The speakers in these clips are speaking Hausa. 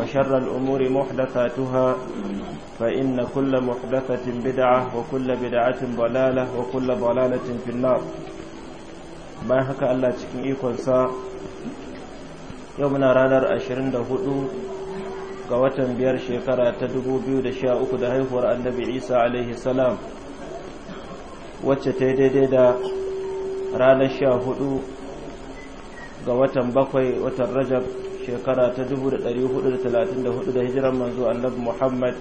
وشر الأمور محدثاتها فإن كل محدثة بدعة وكل بدعة ضلالة وكل ضلالة في النار bayan haka Allah cikin ikonsa yau na ranar 24 ga watan biyar shekara ta 2013 da haihuwar annabi isa alaihi wacce ta daidai da ranar 14 ga watan bakwai watan rajab shekara ta 434 da hijiran manzo annabi Muhammad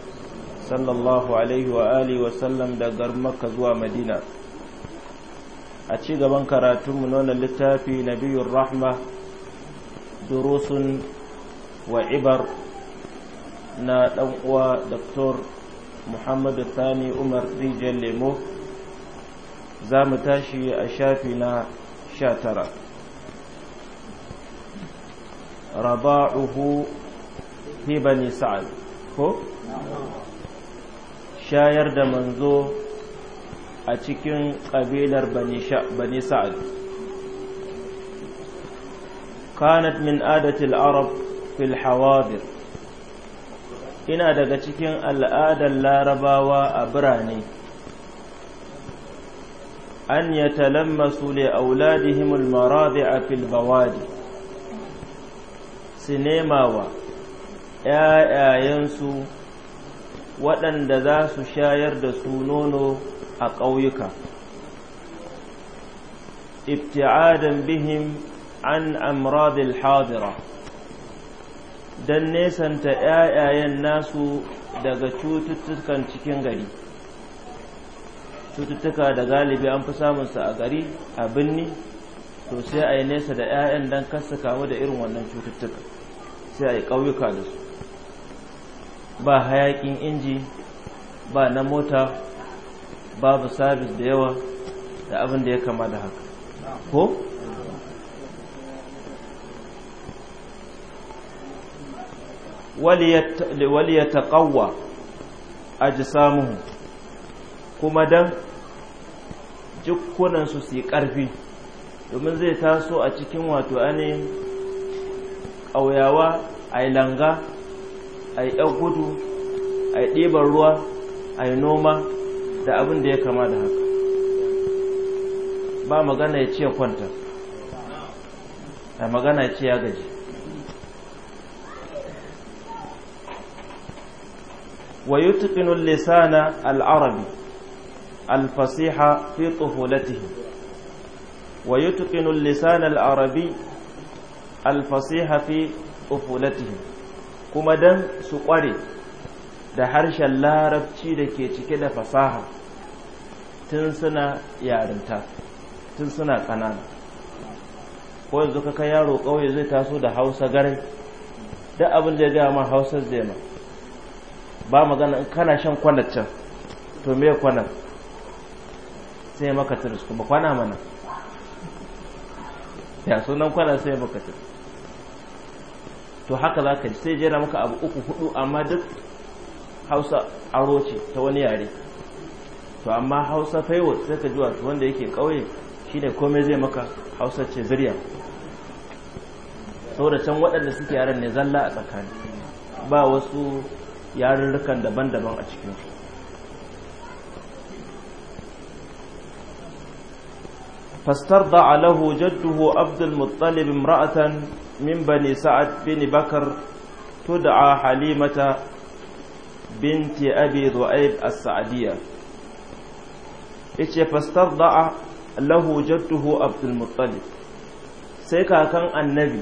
sallallahu alaihi wa alihi wa sallam daga Makka zuwa Madina a ci gaban mu na wannan littafi Nabiyur Rahma durusun wa ibar na dan uwa Dr. Muhammad Thani Umar Rijal Lemo za mu tashi a shafi na 19 raba'uhu fi bani sa'ad ko shayar da manzo a cikin ƙabilar bani sa'ad kanat min adatil arab fil hawadir ina daga cikin al'adar larabawa a birane an yatalammasu li auladihim al-maradi'a fil bawadi su nema wa ‘ya'yayensu waɗanda za su shayar da su nono a ƙauyuka ibti'adan bihim an amradil hadira don nesanta ‘ya'yayen nasu daga cututtukan cikin gari cututtuka da galibi an fi samunsa a gari a binni sosai, sai a yi nesa da ‘ya'yan don kasa kamu da irin wannan cututtukan. sai a yi ƙauyuka da su ba hayaƙin inji ba na mota babu sabis da yawa da abin da ya kama da haka ko? ya taƙawa a ji samuhu kuma don jikunansu su yi ƙarfi domin zai taso a cikin wato ainihin ƙauyawa a yi langa a yi ɗan gudu a yi ɗiban ruwa a yi noma da abin da ya kama da haka ba magana ya ce ya kwanta a magana ya ce ya gaji wa yi lisana al-arabi al-fasiha fi tsofolatihi wa yutqinu lisana al-arabi alfasiha fi ufulatihim kuma dan su kware da harshen larabci da ke cike da fasaha tun suna yarinta tun suna ƙanana ko yanzu ka kai yaro ƙauye zai taso da hausa garin duk abin da ya gaya ma hausa zai ma ba magana kana shan kwanar can to me kwana sai maka tiris kuma kwana mana ya sunan kwana sai maka tiris to haka za ka sai jera maka abu uku hudu amma duk hausa aro ce ta wani yare to amma hausa faiwa sai ka ji wanda yake ƙauye shi ne komai zai maka hausa ce zirya da can waɗanda suke yaren ne zalla a tsakani ba wasu yarurrukan daban-daban a cikin فاسترضع له جده عبد المطلب امرأة من بني سعد بن بكر تدعى حليمة بنت أبي ذؤيب السعدية إيش فاسترضع له جده عبد المطلب سيكا كان النبي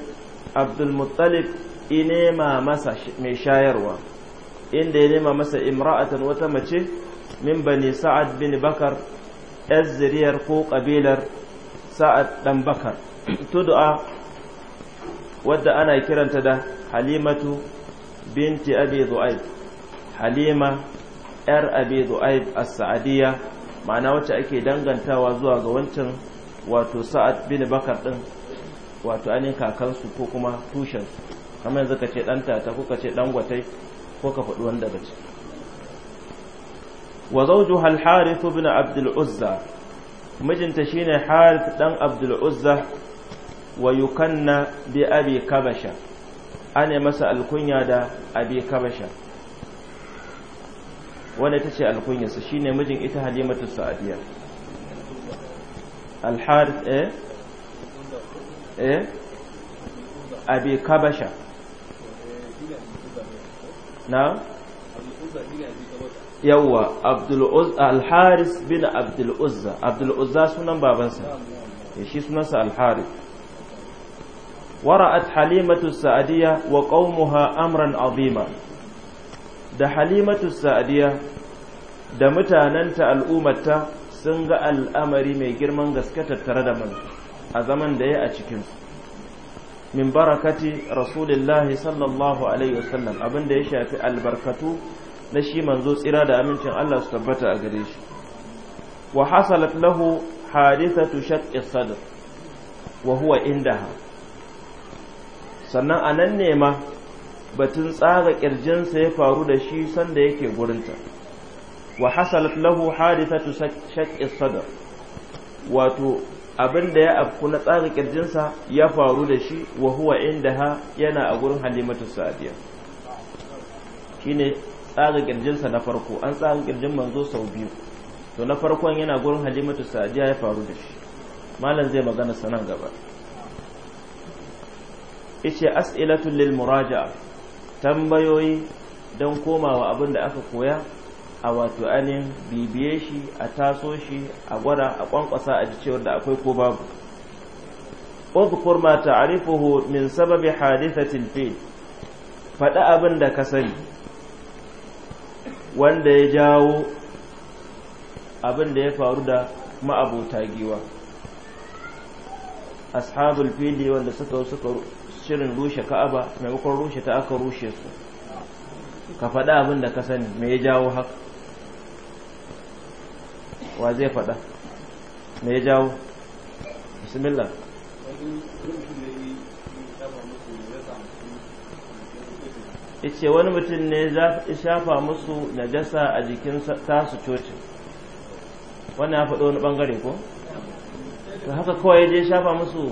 عبد المطلب إنما مسا مشايروا inda ya nema masa imra'atan wata mace min bani sa'ad bin bakar yar zuriyar ko kabilar sa'ad dan bakar tud'a wadda ana kiranta da halimatu binti abi zu'aib halima yar abi zu'aib as-sa'adiyya ma'ana wacce ake dangantawa zuwa ga wancan wato sa'ad bin bakar din wato ainihin kakansu ko kuma tushen kamar yanzu ka ce tata ko ka ce gwatai ko ka faɗi wanda ba ce wa zawjuha hal harith ibn abd al-uzza mijinta shine harith dan abd al-uzza wa yukanna bi abi kabasha ana masa alkunya da abi kabasha wanda ta ce alkunyarsa shi ne mijin ita halimatu sa'adiyya alharith eh eh abi kabasha na yawwa alharis bin abdul'uzza abdul'uzza sunan babansa eh, shi sunansa alharis ورأت حليمة wa وقومها amran عظيما da halimatu sa'adiya da mutanenta al'ummata sun ga al'amari mai girman gaske tattare da manzo a zaman da ya a cikinsu min barakati rasulillahi sallallahu alaihi wasallam abinda ya shafi albarkatu na shi manzo tsira da amincin Allah su tabbata a gare shi wa hasalat lahu hadithatu shaqqi sadr wa huwa indaha sannan a nan ne ma batun tsaga kirjinsa ya faru da shi sanda yake gurinta wa hasalat lahu hadithatu shaqqi sadr wato abin da ya afku na tsaga ƙirjinsa ya faru da shi wa huwa indaha yana a gurin halimatu sa'diya shine tsaga ƙirjinsa na farko an tsaga kirjin manzo sau biyu to na farkon yana gurin halimatu sa'diya ya faru da shi malam zai magana sanan gaba ishe as'ilatul lil muraja'a tambayoyi don komawa abin da aka koya a wato anin bibiye shi a taso shi a gwada a kwankwasa a ji cewar da akwai ko babu اذكر ما sababi min sababi حادثة الفيل faɗi abin da ka sani wanda ya jawo abin da ya faru da ma'abota giwa ashabul fili wanda suka suka shirin rushe ka'aba mai maimakon rushe ta aka rushe su ka faɗa abin da ka sani me ya jawo haka wa zai faɗa me ya jawo bismillah ce wani mutum ne ya shafa musu najasa a jikin tasu cocin wannan ya faɗo wani ɓangare ko? haka kawai ya shafa musu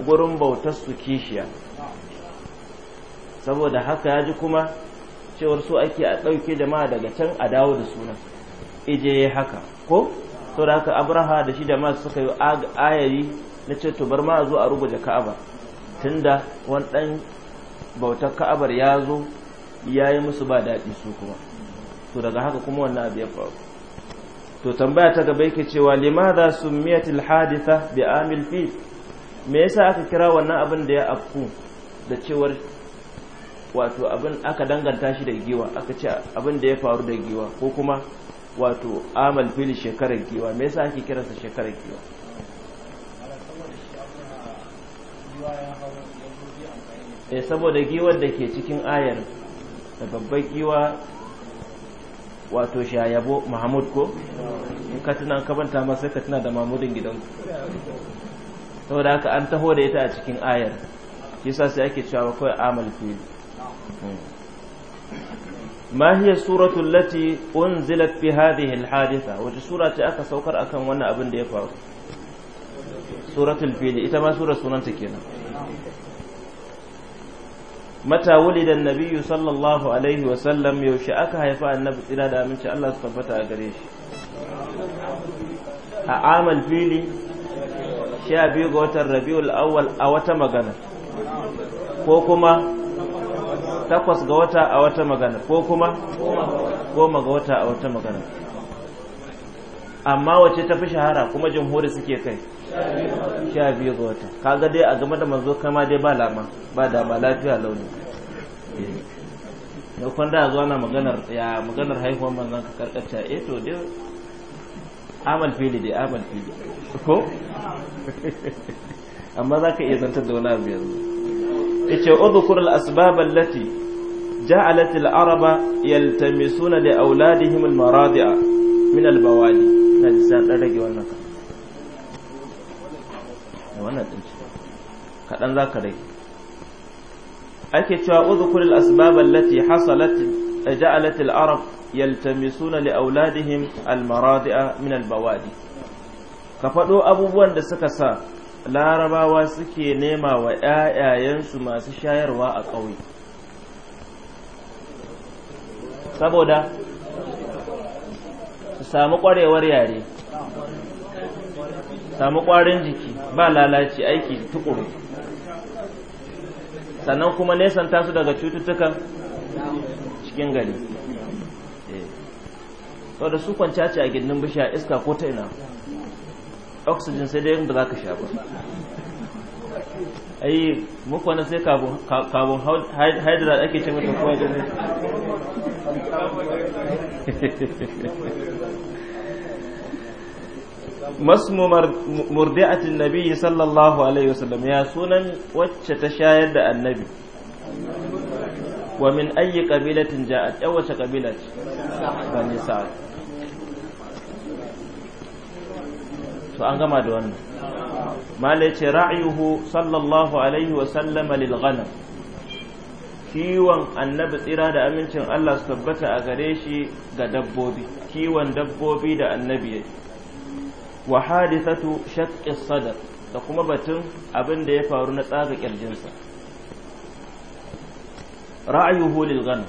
gurin bautar su kishiya saboda haka ya ji kuma cewar su ake a ɗauke jama'a daga can a dawo da sunan ije haka ko saboda haka abraha da shi jama'a suka yi ayari na ce to bar ma zo a rubuta ka'aba tunda wani ɗan bautar ka'abar ya zo ya yi musu ba daɗi su kuma to daga haka kuma wannan abu ya faru to tambaya ta gaba yake cewa limada summiyat al-haditha bi amil fi me yasa aka kira wannan abin da ya afku da cewar wato abin aka danganta shi da giwa aka ce abin da ya faru da giwa ko kuma wato amal fili shekarar giwa me yasa ake kiransa shekarar giwa eh saboda giwar da ke cikin ayar da babbar giwa wato shayabo mahamud ko in ka tuna kabanta banta masa ka tuna da mahmudin gidanku ta wadda aka an taho da ita a cikin ayar kisa sai ake cewa kawai amal fili ma hiya suratul lati unzilat fi hadhihi alhadisa wata sura ce aka saukar akan wannan abin da ya faru suratul fili ita ma sura sunan ta kenan mata wulida annabiyyu sallallahu alaihi wa sallam yaushe aka haifa annabi tsira da aminci Allah su tabbata a gare shi a amal fili sha biyu ga watan rabiul awwal a wata magana ko kuma takwas ga wata a wata magana ko kuma goma ga wata a wata magana amma wace ta fi shahara kuma jamhuri suke kai sha biyu ga wata kaga dai a game da manzo kama dai ba lama ba da ba lafiya launi eh. yau kwan da zuwa na maganar ya maganar haihuwar manzon ka karkace eh to dai amal fili dai amal fili ko amma za ka iya zantar da wani abu yanzu ya ce uzukur al'asbab allati ja'alat al'araba yaltamisuna da auladihim al-maradi'a min al-bawali na ji sa dan rage wannan ka da wannan din ci Kaɗan za ka rage ake cewa uzukur al'asbab lati hasalati. جعلت العرب يلتمسون لأولادهم المراضع من البوادي كفدو أبوان دسكسا لا ربا واسكي نيما وآيا ينسو ما سشاير وأقوي saboda su samu kwarewar yare samu kwarin jiki ba lalaci aiki tukuru sannan kuma nesanta su daga cututtukan cikin gari sau eh. da su kwanciya ce a gindin bishiya iska ko ta ina oxygen sai dai da za ka sha ba ayi muku wani sai carbon hydrate ake ce mata kowa da masmu murdi'atin nabi sallallahu alaihi wasallam ya sunan wacce ta shayar da annabi wa min ayyi qabilatin ja'at aw wace qabila ce bani sa'ad to an gama da wannan malai ce ra'ayuhu sallallahu alaihi wa sallama lil ghanam kiwon annabi tsira da amincin Allah su tabbata a gare shi ga dabbobi kiwon dabbobi da annabi yake wa hadithatu shaqqis sadr da kuma batun abin da ya faru na tsaga kirjinsa ra'ayuhu lil ghanam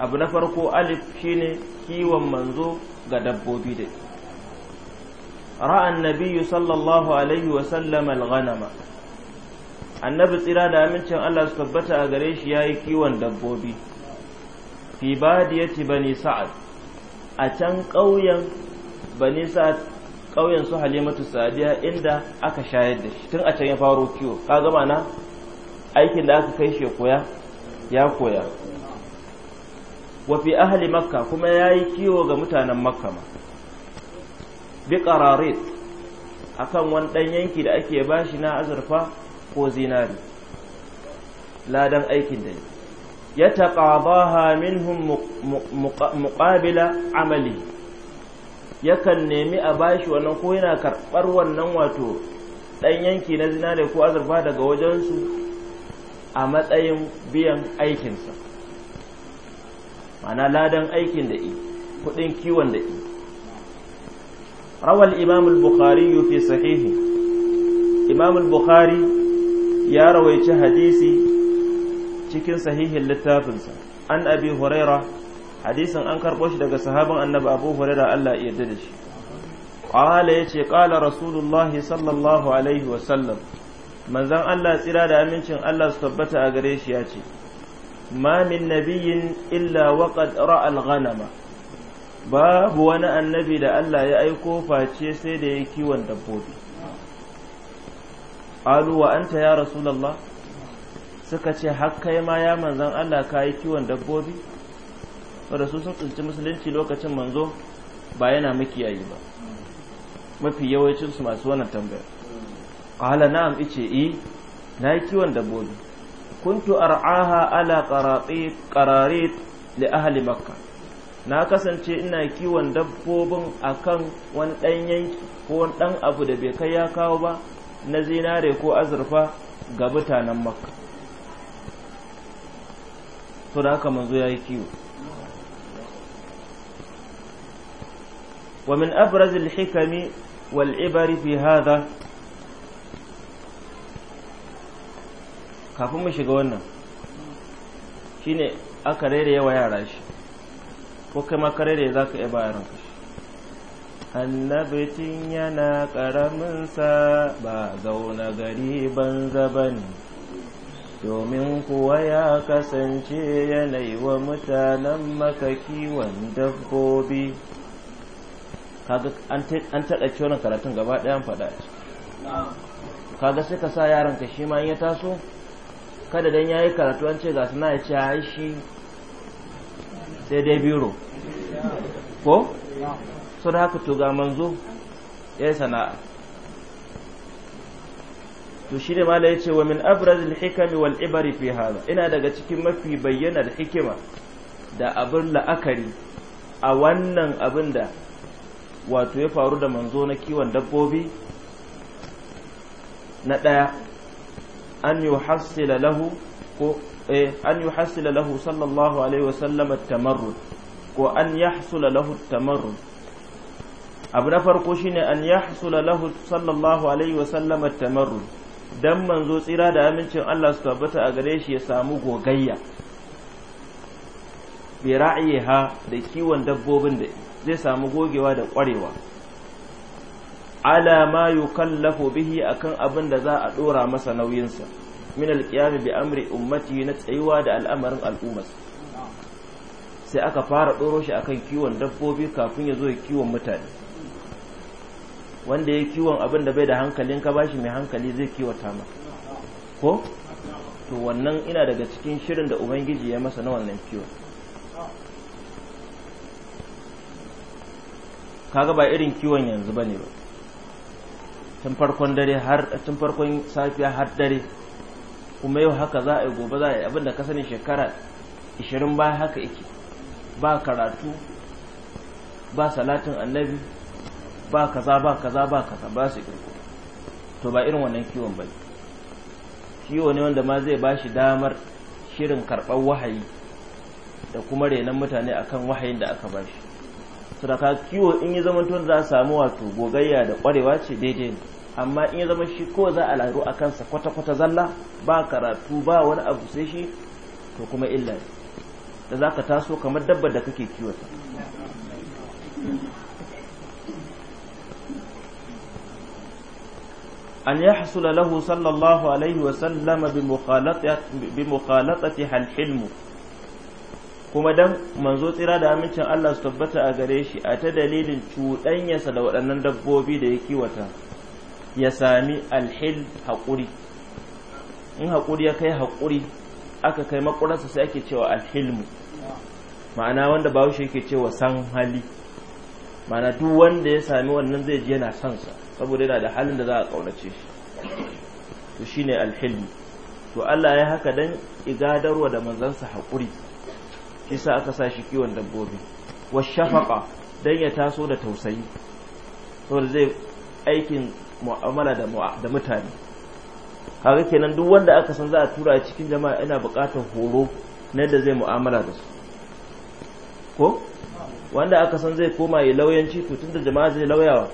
abu na farko alif shine kiwon manzo ga dabbobi dai. ra'an nabiyyu sallallahu alaihi wa sallam al ghanama annabi tsira da amincin Allah su tabbata a gare shi yayi kiwon dabbobi fi badiyati bani sa'ad a can ƙauyen bani sa'ad ƙauyen su halimatu sadiya inda aka shayar da shi tun a can ya faro kiwo ka gama na aikin da aka kai shi koya ya koya wafi ahali makka kuma ya yi kiwo ga mutanen makka ma bi ƙararit a kan wani ɗan yanki da ake bashi na azurfa ko zinari ladan aikin da ya taƙabaha minhum muƙabila amali yakan nemi a bashi wannan ko yana karɓar wannan wato ɗan yanki na zinari ko azurfa daga wajensu a matsayin biyan aikinsa mana ladan aikin da i kudin kiwon da i rawal imam al-bukhari fi sahihi imam al-bukhari ya rawaici hadisi cikin sahihin littafinsa an abi huraira hadisin an karɓo shi daga sahabin annabi abu huraira Allah ya yarda da shi qala yace qala rasulullahi sallallahu alaihi wa sallam manzon Allah tsira da amincin Allah su tabbata a gare shi ya ce ma min nabiyyin illa waqad ra'a al-ghanama babu wani annabi da Allah ya aiko face sai da ya kiwon dabbobi alu wa anta ya rasulullah suka ce har kai ma ya manzan Allah ka yi kiwon dabbobi wanda su sun tsinci musulunci lokacin manzo ba yana makiyayi ba mafi yawancinsu masu wannan tambayar qala na'am ice i na yi kiwon dabbobi kuntu ar'aha ala qararit qararit li ahli makka na kasance ina kiwon dabbobin akan wani dan yanki ko wani dan abu da bai kai ya kawo ba na zinare ko azurfa ga mutanen makka to da haka manzo yayi kiwo wa min abraz hikami wal ibari fi hadha kafin mu shiga wannan shine aka rere yawa yara shi ko kai ma ka rere za ka iya bayaran ka shi annabitin yana ƙaraminsa ba zauna gari banza ba ne domin kuwa ya kasance yanayi wa mutanen maka kiwon dabbobi kaga an taɗa ciwon karatun gaba ɗayan faɗa kaga sai ka sa yaranka shi ma ya taso kada dan yayi karatu an ce ga suna ya ce ai shi sai dai biro ko so da haka to ga manzo ya sana'a to shi ne mala ya ce wa min abrazil hikami wal ibari fi hada ina daga cikin mafi bayyanar hikima da abin la'akari a wannan abin da wato ya faru da manzo na kiwon dabbobi na ɗaya an yuhassila lahu ko eh an yuhassila lahu sallallahu alaihi wasallam at-tamarrud ko an yahsula lahu at-tamarrud abu na farko shine an yahsula lahu sallallahu alaihi wasallam at-tamarrud dan manzo tsira da amincin Allah su tabbata a gare shi ya samu gogayya bi ra'iha da kiwon dabbobin da zai samu gogewa da ƙwarewa. ala ma yukallafu bihi akan abin da za a dora masa nauyinsa min alqiyam bi amri ummati na tsayuwa da al'amarin al'umma. sai aka fara doro shi akan kiwon dabbobi kafin ya zo ya kiwon mutane wanda ya kiwon abin da bai da hankalin ka bashi mai hankali zai kiwata ma ko to wannan ina daga cikin shirin da ubangiji ya masa na wannan kiwon kaga ba irin kiwon yanzu bane ba tun farkon dare har tun farkon safiya har dare kuma yau haka za a yi gobe za a yi abinda ka sani shekara 20 baya haka yake ba karatu ba salatin annabi ba kaza ba kaza ba kaza ba su kirko to ba irin wannan kiwon ba kiwo ne wanda ma zai ba shi damar shirin karɓar wahayi da kuma renon mutane akan wahayin da aka ba shi sadaka kiwo in ya zama tun za a samu wato gogayya da kwarewa ce daidai ne amma in ya zama shi ko za a laru a kansa kwata-kwata zalla ba karatu ba wani abu sai shi to kuma illa da za ka taso kamar dabbar da kake kiwata an يحصل له صلى sallallahu alaihi wasallama bi mukhalatati halhilmu kuma dan manzo tsira da amincin Allah su tabbata a gare shi a ta dalilin cuɗanyarsa da waɗannan dabbobi da ya kiwata ya sami alhil haƙuri in haƙuri ya kai haƙuri aka kai makurarsa sai ake cewa alhilmu ma'ana wanda bahaushe yake cewa san hali ma'ana duk wanda ya sami wannan zai ji yana son sa saboda yana da halin da za a ƙaunace shi to shine alhilmu to Allah ya haka dan igadarwa da manzansa haƙuri shi sa aka sa shi kiwon dabbobi wa shafaqa dan ya taso da tausayi saboda zai aikin mu'amala da mutane kaga kenan duk wanda aka san za a tura cikin jama'a yana buƙatar horo na yadda zai mu'amala da su ko wanda aka san zai koma ya lauyanci to tunda jama'a zai lauyawa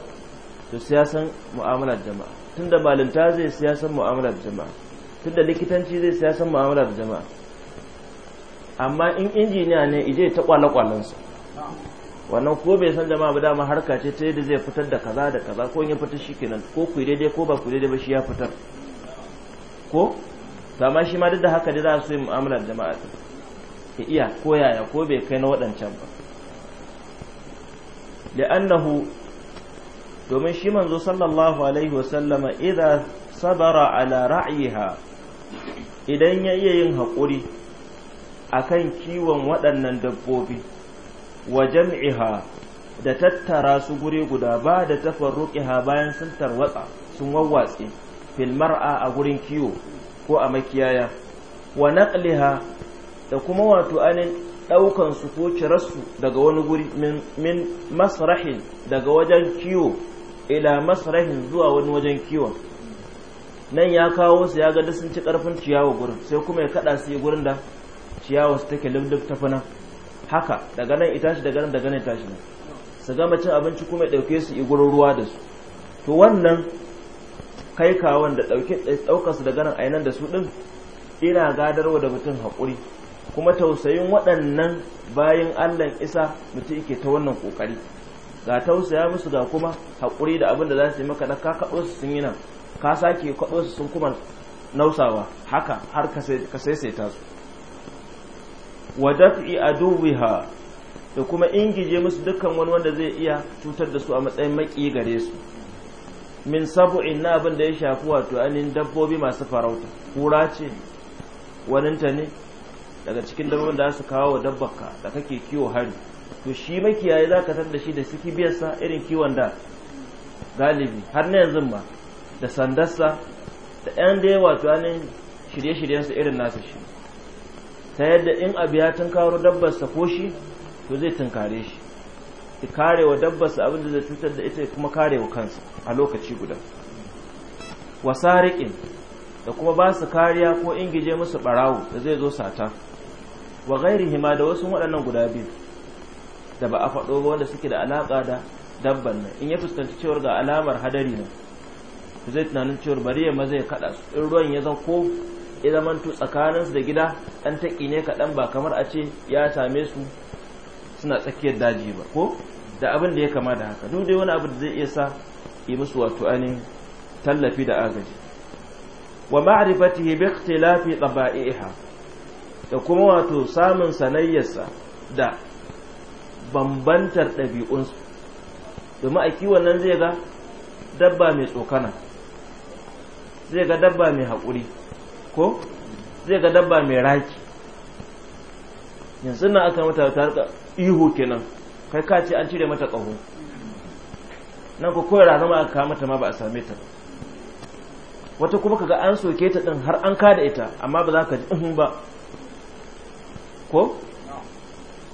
to siyasan mu'amalar jama'a tunda malinta zai siyasan mu'amalar jama'a tunda likitanci zai siyasan mu'amalar jama'a amma in injiniya ne ije ta kwale-kwalensa wannan ko bai san jama'a ba dama harka ce ta yadda zai fitar da kaza da kaza ko in ya fitar shi kenan ko ku daidai ko ba ku daidai ba shi ya fitar ko amma shi ma duk da haka dai za su yi mu'amalar jama'a ta iya ko yaya ko bai kai na waɗancan ba li'annahu domin shi manzo sallallahu alaihi sallama idza sabara ala ra'yiha idan ya iya yin haƙuri akan kiwon waɗannan dabbobi wa jam'iha da tattara su guri guda ba da tafarruqiha bayan sun tarwatsa sun wawwatse filmar'a a gurin kiwo ko a makiyaya wa naqliha da kuma wato anin daukan su ko cirarsu daga wani guri min masrahin daga wajen kiwo ila masrahin zuwa wani wajen kiwon nan ya kawo su ya ga sun ci karfin ciyawa gurin sai kuma ya kaɗa su yi gurin da ciyawa su take lulluf ta fana haka daga nan ita shi daga nan daga nan tashi nan su gama cin abinci kuma ya ɗauke su igurin ruwa da su to wannan kai kawon da ɗaukar su daga nan a nan da su ɗin ina gadarwa da mutum haƙuri kuma tausayin waɗannan bayan allah isa mutum yake ta wannan ƙoƙari ga tausaya musu ga kuma haƙuri da abin da za su yi maka na ka kaɗo su sun yi nan ka sake kwaɗo su sun kuma nausawa haka har ka saisaita su wa daf'i aduwiha da kuma ingije musu dukkan wani wanda zai iya cutar da su a matsayin maki gare su min sab'in na abin da ya shafi wato anin dabbobi masu farauta kura ce waninta ne daga cikin dabbobin da su kawo wa dabbarka da kake kiwo hari to shi makiyayi za ka tar da shi da siki sa irin kiwon da galibi har na yanzu ma da sandarsa da 'yan da ya wato anin shirye-shiryensa irin nasa shi ta yadda in abu ya dabbar sa ko shi to zai tunkare shi ya kare wa dabbarsa abin da zai cutar da ita kuma kare wa kansa a lokaci guda wasariƙin da kuma ba su kariya ko ingije musu barawo da zai zo sata wa hima da wasu waɗannan guda biyu da ba a faɗo ba wanda suke da alaƙa da dabban nan in ya fuskanci cewar ga alamar hadari nan zai tunanin cewar bari ya maza ya kaɗa su in ruwan ya zan ko ya zamanto tsakaninsu da gida an taƙi ne kaɗan ba kamar a ce ya same su suna tsakiyar daji ba ko da abin da ya kama da haka duk dai wani abu da zai iya sa yi musu wato anin tallafi da agaji wa bai ta lafi ɗaba'iha da kuma wato samun sanayyarsa da bambantar ɗabi'unsu domin a kiwon nan zai ga dabba mai tsokana zai ga dabba mai haƙuri ko zai ga dabba mai raki yanzu na aka mata ta harka ihu kenan kai ka ce an cire mata ƙaho nan ko kawai rana ma aka kawo mata ma ba a same ta wata kuma kaga an soke ta ɗin har an kada ita amma ba za ka ji in ba ko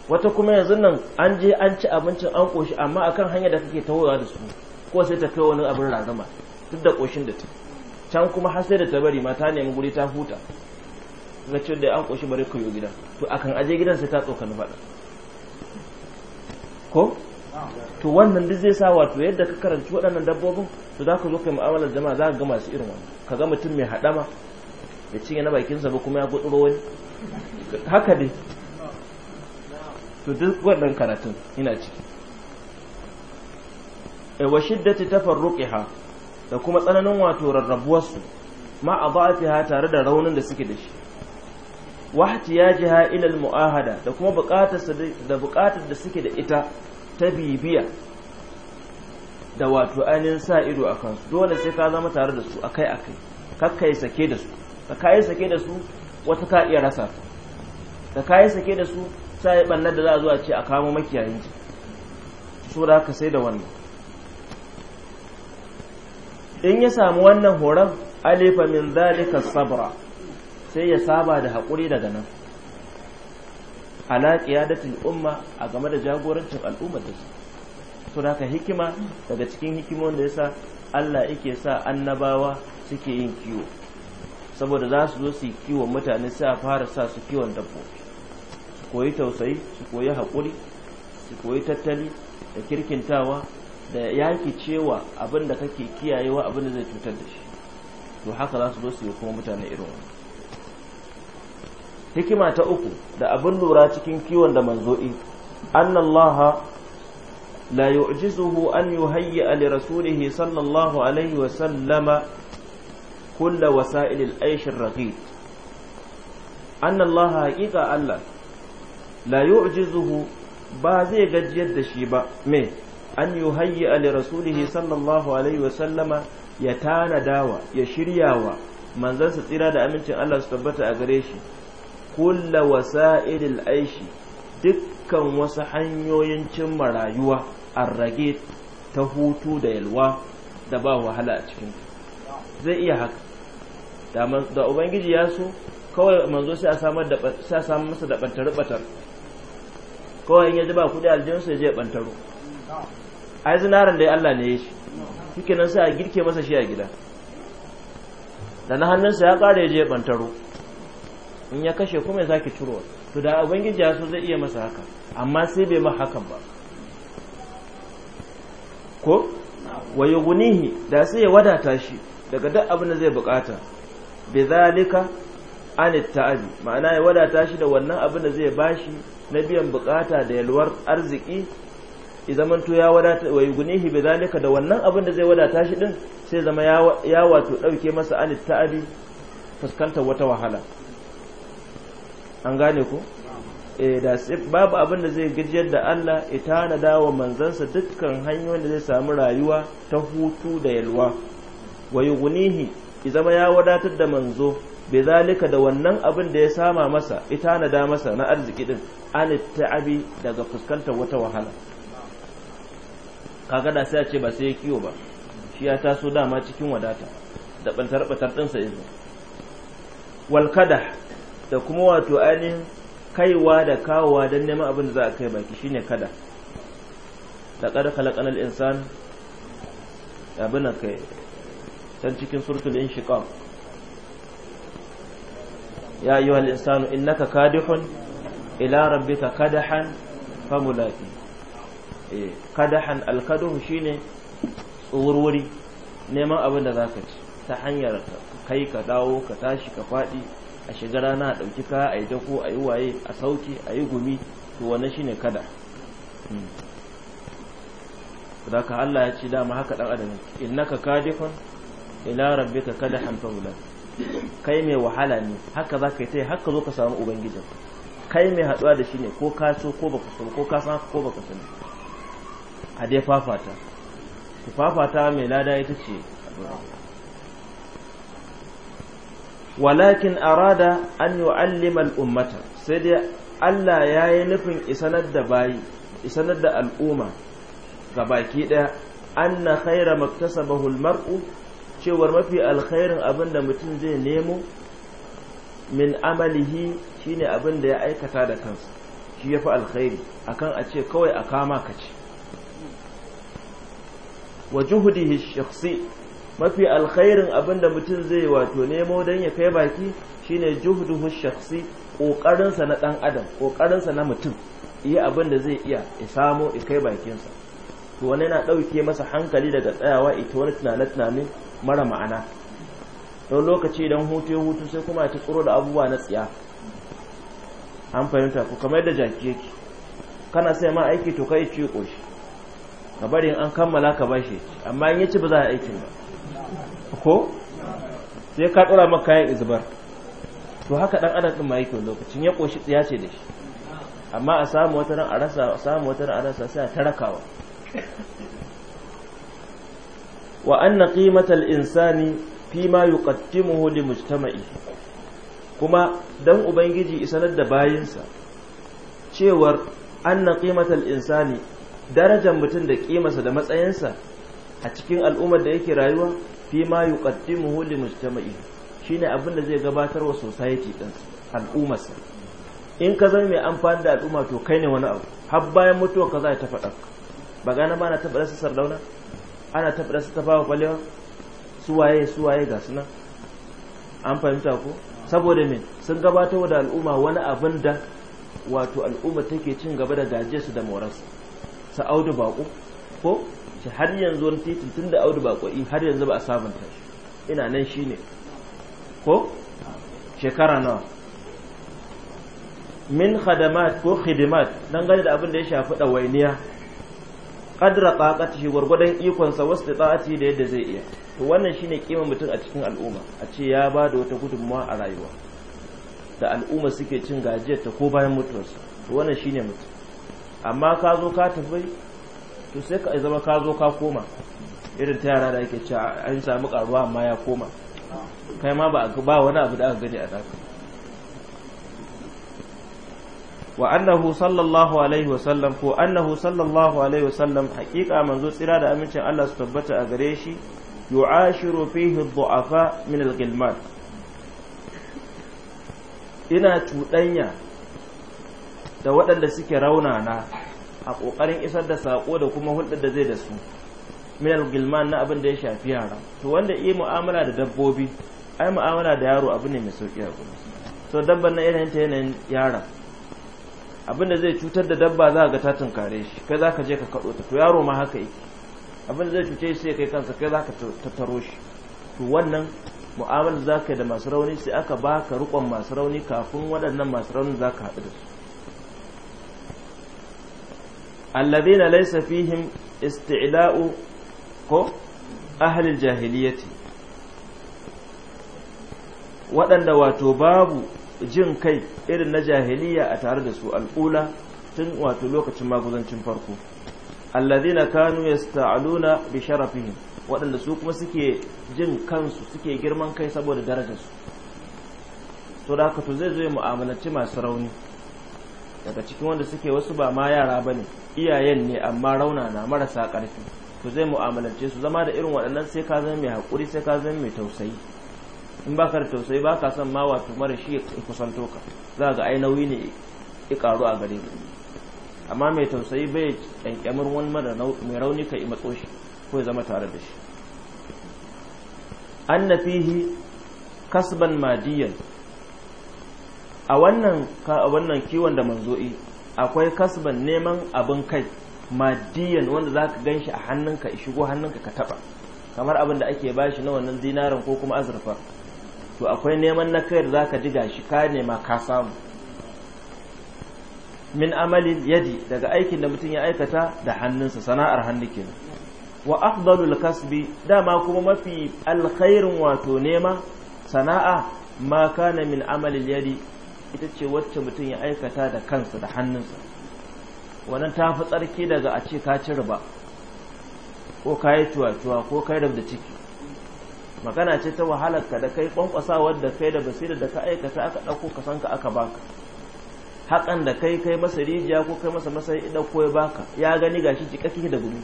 wata kuma yanzu nan an je an ci abincin an koshi amma akan hanya da kake tawowa da su ko sai ta kai wani abin ragama duk da koshin da ta can kuma har sai da ta bari mata nemi guri ta huta ga cewa da an koshi bari koyo gida to akan aje gidan sai ta tsokani faɗa ko to wannan duk zai sa wato yadda ka karanci waɗannan dabbobin to za ka zo kai mu'amalar jama'a za ka ga masu irin wannan ka ga mutum mai haɗama ya cinye na bakinsa ba kuma ya guduro wani haka dai to duk wannan karatun ina ciki eh, wa shiddati tafarruqiha da kuma tsananin wato rarrabuwarsu ma a ba'afiha tare da raunin da suke da shi wahti ya ji ilal mu'ahada da kuma buƙatar da suke da ita ta bibiya da wato ainihin sa ido a kansu dole sai ka zama tare da su akai akai kakkai sake da su da kayi sake da su wata ka iya rasa da kayi sake da su sai bannar da za a zo a ce a kamo makiyayin ji da sai da wannan in ya samu wannan horon alifa min zalika sabra sai ya saba da haƙuri daga nan ala qiyadatil umma a game da jagorancin al'ummar da su to haka hikima daga cikin wanda da yasa Allah yake sa annabawa suke yin kiwo saboda za su zo su yi kiwon mutane sai a fara sa su kiwon dabbobi su koyi tausayi su koyi haƙuri su koyi tattali da kirkintawa da yaki cewa abin da kake kiyayewa abin da zai cutar da shi to haka za su zo su yi kuma mutane irin wani hikima ta uku da abin lura cikin kiwon da manzo'i annallaha la yu'jizuhu an yuhayya li rasulih sallallahu alaihi wa sallama kulla wasa'ilil aishin raghid annallaha haqiqa Allah la yu'jizuhu ba zai gajiyar da shi ba me an yi hayyi a rasulihi sallallahu alaihi wasallama ya tanadawa ya shiryawa manzansa tsira da amincin Allah su tabbata a gare shi kulla idil aishi dukkan wasu hanyoyin cimma rayuwa rage ta hutu da yalwa da ba wahala a cikin zai iya haka da ubangiji ya so kawai manzo sai a samar da sai a samu masa da bantar batar kawai in ya ji ba kudi aljinsu ya je bantaro ai zinaren da ya Allah ne ya shi nan sai a girke masa shi a gida da na hannunsa ya ƙara ya je bantaro in ya kashe kuma ya sake turo to da ubangiji ya so zai iya masa haka amma sai bai ma hakan ba ko wa yughnihi da sai ya wadata shi daga duk abin da zai bukata bi zalika an ta'abi ma'ana ya wadata shi da wannan abin da zai bashi na biyan bukata da yalwar arziki ya to ya wadata wa yugunihi bi zalika da wannan abin da zai wadata shi din sai zama ya wato dauke masa alit ta'abi fuskantar wata wahala an gane ko eh da babu abin da zai gajiyar da Allah ya tanada dawo manzansa dukkan hanyoyin da zai samu rayuwa ta hutu da yalwa wa yugunihi ya zama ya wadatar da manzo bai zalika da wannan abin da ya sama masa ita na da masa na arziki din an ta'abi daga fuskantar wata wahala kaga da sai a ce ba sai ya kiwo ba shi ya taso dama cikin wadata da bantar batar ɗinsa izo walkada da kuma wato ainihin kaiwa da kawowa don neman abin da za a kai baki shine kada da kada kalakan al'insan abin da kai can cikin surtul inshiqaq ya ayyuhal insanu innaka kadihun ila rabbika kadahan famulaqi Eh, kadahan alkadahu shine wurwuri neman abin da zaka ci ta hanyar kai ka dawo ka tashi ka faɗi a shiga rana a ɗauki ka a yi dako a yi waye a sauke a yi gumi to wannan shine kada hmm. da ka Allah ya ci dama haka dan adam innaka kadifan ila rabbika kadahan fawla kai mai wahala ne haka za ka yi ta haka zo ka samu ubangijin kai mai haɗuwa da shi ne ko ka so ko baka so ko ka san ko baka san a dai fafata fafata mai lada ita ce walakin arada an yu'allima ummata sai dai Allah ya yi nufin isanar da al'umma ga baki ɗaya na khaira maktasa al cewar mafi alkhairin abin da mutum zai nemo min amalihi shine abin da ya aikata da kansa shi ya fi alkhairi akan a ce kawai a kama ka ce wa juhudihi shakhsi mafi alkhairin abinda mutum zai wato nemo don ya kai baki shine juhduhu shakhsi sa na dan adam sa na mutum iya abin zai iya ya samo ya kai bakinsa to wani yana ɗauke masa hankali daga tsayawa ita wani tunane mara ma'ana don lokaci idan hutu ya hutu sai kuma ta tsoro da abubuwa na tsiya an fahimta ku kamar yadda jaki yake kana sai ma aiki to kai ce ƙoshi ka bari an kammala ka bashi amma in yace ba za a aikin ba ko sai ka dora maka kayan izbar to haka dan adam din ma yake lokacin ya koshi tsiya ce da shi amma a samu wata ran a rasa a samu wata ran a rasa sai a tarakawa wa anna qimatal insani fima yuqaddimuhu li mujtama'i kuma dan ubangiji isanar da bayinsa cewar anna qimatal insani darajar mutum da kimarsa da matsayinsa a cikin al'ummar da yake rayuwa fi ma yuqaddimuhu li mujtama'i shine abin da zai gabatar wa society din al'ummarsa in ka zama mai amfani da al'umma to kai ne wani abu har bayan mutuwar ka za ta faɗa ba gana ba na taɓa rasa sardauna ana taɓa rasa ta fawa kwalewa suwaye suwaye ga suna an fahimta ko saboda me sun gabatar da al'umma wani abin da wato al'umma take cin gaba da gajiyarsu da morarsa su audu bako ko shi har yanzu wani titi tun da audu bako har yanzu ba a sabunta shi ina nan shi ne ko shekara nawa min khadamat ko khidimat gani da abin da ya shafi ɗawainiya kadra taqatihi gurgudan ikonsa wasu da ta'ati da yadda zai iya to wannan shine kima mutum a cikin al'umma a ce ya ba da wata gudunmawa a rayuwa da al'umma suke cin gajiyar ta ko bayan mutuwarsa to wannan shine mutum amma ka zo ka tafi to sai ka zama ka zo ka koma irin ta yara da ake ci an samu karuwa amma ya koma kai ma ba ba wani abu da aka gani a daka. wa annahu sallallahu alaihi wa sallam ko annahu sallallahu alaihi wa sallam haqiqa manzo tsira da amincin Allah su tabbata a gare shi yu'ashiru fihi ad-du'afa min al-ghilman ina tudanya da waɗanda suke raunana a ƙoƙarin isar da saƙo da kuma hulɗar da zai da su minal gilman na abin da ya shafi yara to wanda iya mu'amala da dabbobi ai mu'amala da yaro abu ne mai sauƙi a gudu so dabban na yanayin ta yanayin yara abin da zai cutar da dabba za ga ta tunkare shi kai za ka je ka kaɗo ta to yaro ma haka yake abin da zai cuce shi sai kai kansa kai za ka tattaro shi to wannan mu'amala za ka yi da masu rauni sai aka baka riƙon masu rauni kafin waɗannan masu rauni za ka haɗu da su alladhina laysa fihim isti'la'u ko ahli aljahiliyyati waɗanda wato babu jin kai irin na jahiliya a tare da su al'ula tun wato lokacin maguzancin farko alladhina kanu yasta'luna bi sharafihim waɗanda su kuma suke jin kansu suke girman kai saboda darajarsu to da haka zai zo ya mu'amalanci masu rauni daga cikin wanda suke wasu ba ma yara ba ne iyayen ne amma rauna na marasa ƙarfi to zai mu'amalance su zama da irin waɗannan sai ka zama mai haƙuri sai ka zama mai tausayi in ba ka da tausayi ba ka son ma wato mara shi ya kusanto ka za ga ai nauyi ne ya ƙaru a gare ka amma mai tausayi bai ƙyanƙyamar wani mara mai rauni ka yi matso shi ko ya zama tare da shi an fihi kasban madiyan a wannan wannan kiwon da manzo'i akwai kasban neman abin kai madiyan wanda za ka gan shi a hannunka shigo hannunka ka taɓa kamar abin da ake bashi na wannan zinarin ko kuma azurfa to akwai neman na kai da za ka diga shi ka nema ka samu min amalin yadi daga aikin da mutum ya aikata da hannunsa sana'ar hannu kenan wa afdalul kasbi dama kuma mafi alkhairin wato nema sana'a ma kana min amalin yadi ita ce wacce mutum ya aikata da kansa da hannunsa wannan ta fi tsarki daga a ce ka ci riba ko ka yi tuwa-tuwa ko kai da ciki magana ce ta wahalarka da kai kwankwasawar da kai da basirar da ka aikata aka ɗauko ka san ka aka baka haƙan da kai kai masa rijiya ko kai masa masa ɗauko ya baka ya gani gashi jikakki da gumi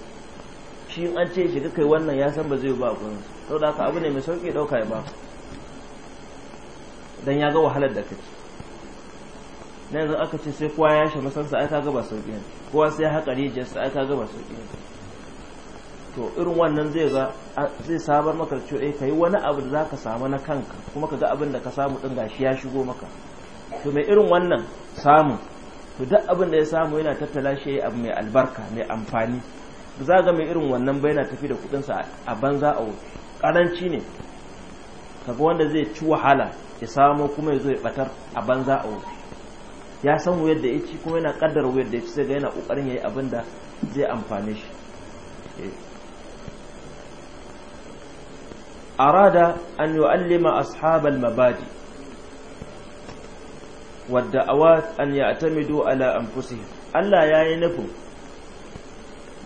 shi an ce shiga kai wannan ya san ba zai ba Sau saboda haka abu ne mai sauƙi ɗauka ya baka dan ya ga wahalar da kake na yanzu aka ce sai kowa ya shi masansa ai kaga ba sauki ne kowa sai ya haƙa rijiyarsa ai kaga ba sauki ne to irin wannan zai ga zai sabar maka da eh, ka kai wani abu da zaka samu na kanka kuma kaga abin da ka samu din gashi ya shigo maka to mai irin wannan samu to duk abin da ya samu yana tattala shi abu mai albarka mai amfani ba za ga mai irin wannan ba yana tafi da sa a banza a wuce karanci ne kaga wanda zai ci wahala ya samu kuma ya zo ya batar a banza a wuce ya san wuyar da ya ci kuma yana kaddar wuyar da ya ci sai ga yana kokarin yayi abin da zai amfane shi eh. arada an yu'allima ashabal mabadi wadda awat an ya'tamidu ala anfusihim Allah yayi nufin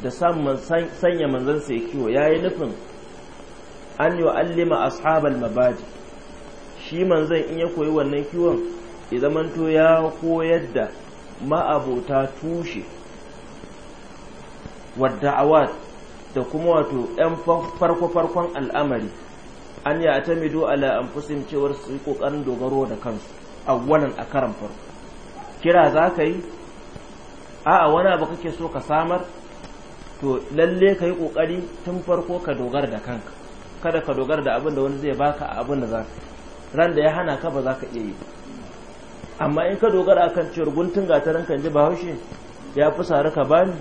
da samun sanya manzon sai kiwo yayi nufin an yu'allima ashabal mabadi shi manzon in ya koyi wannan kiwon to ya koyar da ma'abota tushe wadda awad da kuma wato 'yan farko-farkon al'amari an yi a ta mido ala'an fusim cewar su yi ƙoƙarin dogaro da kansu a wannan a karan farko kira za ka yi a'a wani abu kake so ka samar to lalle ka yi ƙoƙari tun farko ka dogara da kanka kada ka dogara da abin da wani zai baka a abin da za ka ran da ya hana ka ba za ka iya yi amma in ka dogara akan cewar guntun gataran kan ji bahaushe ya fi sare ka bani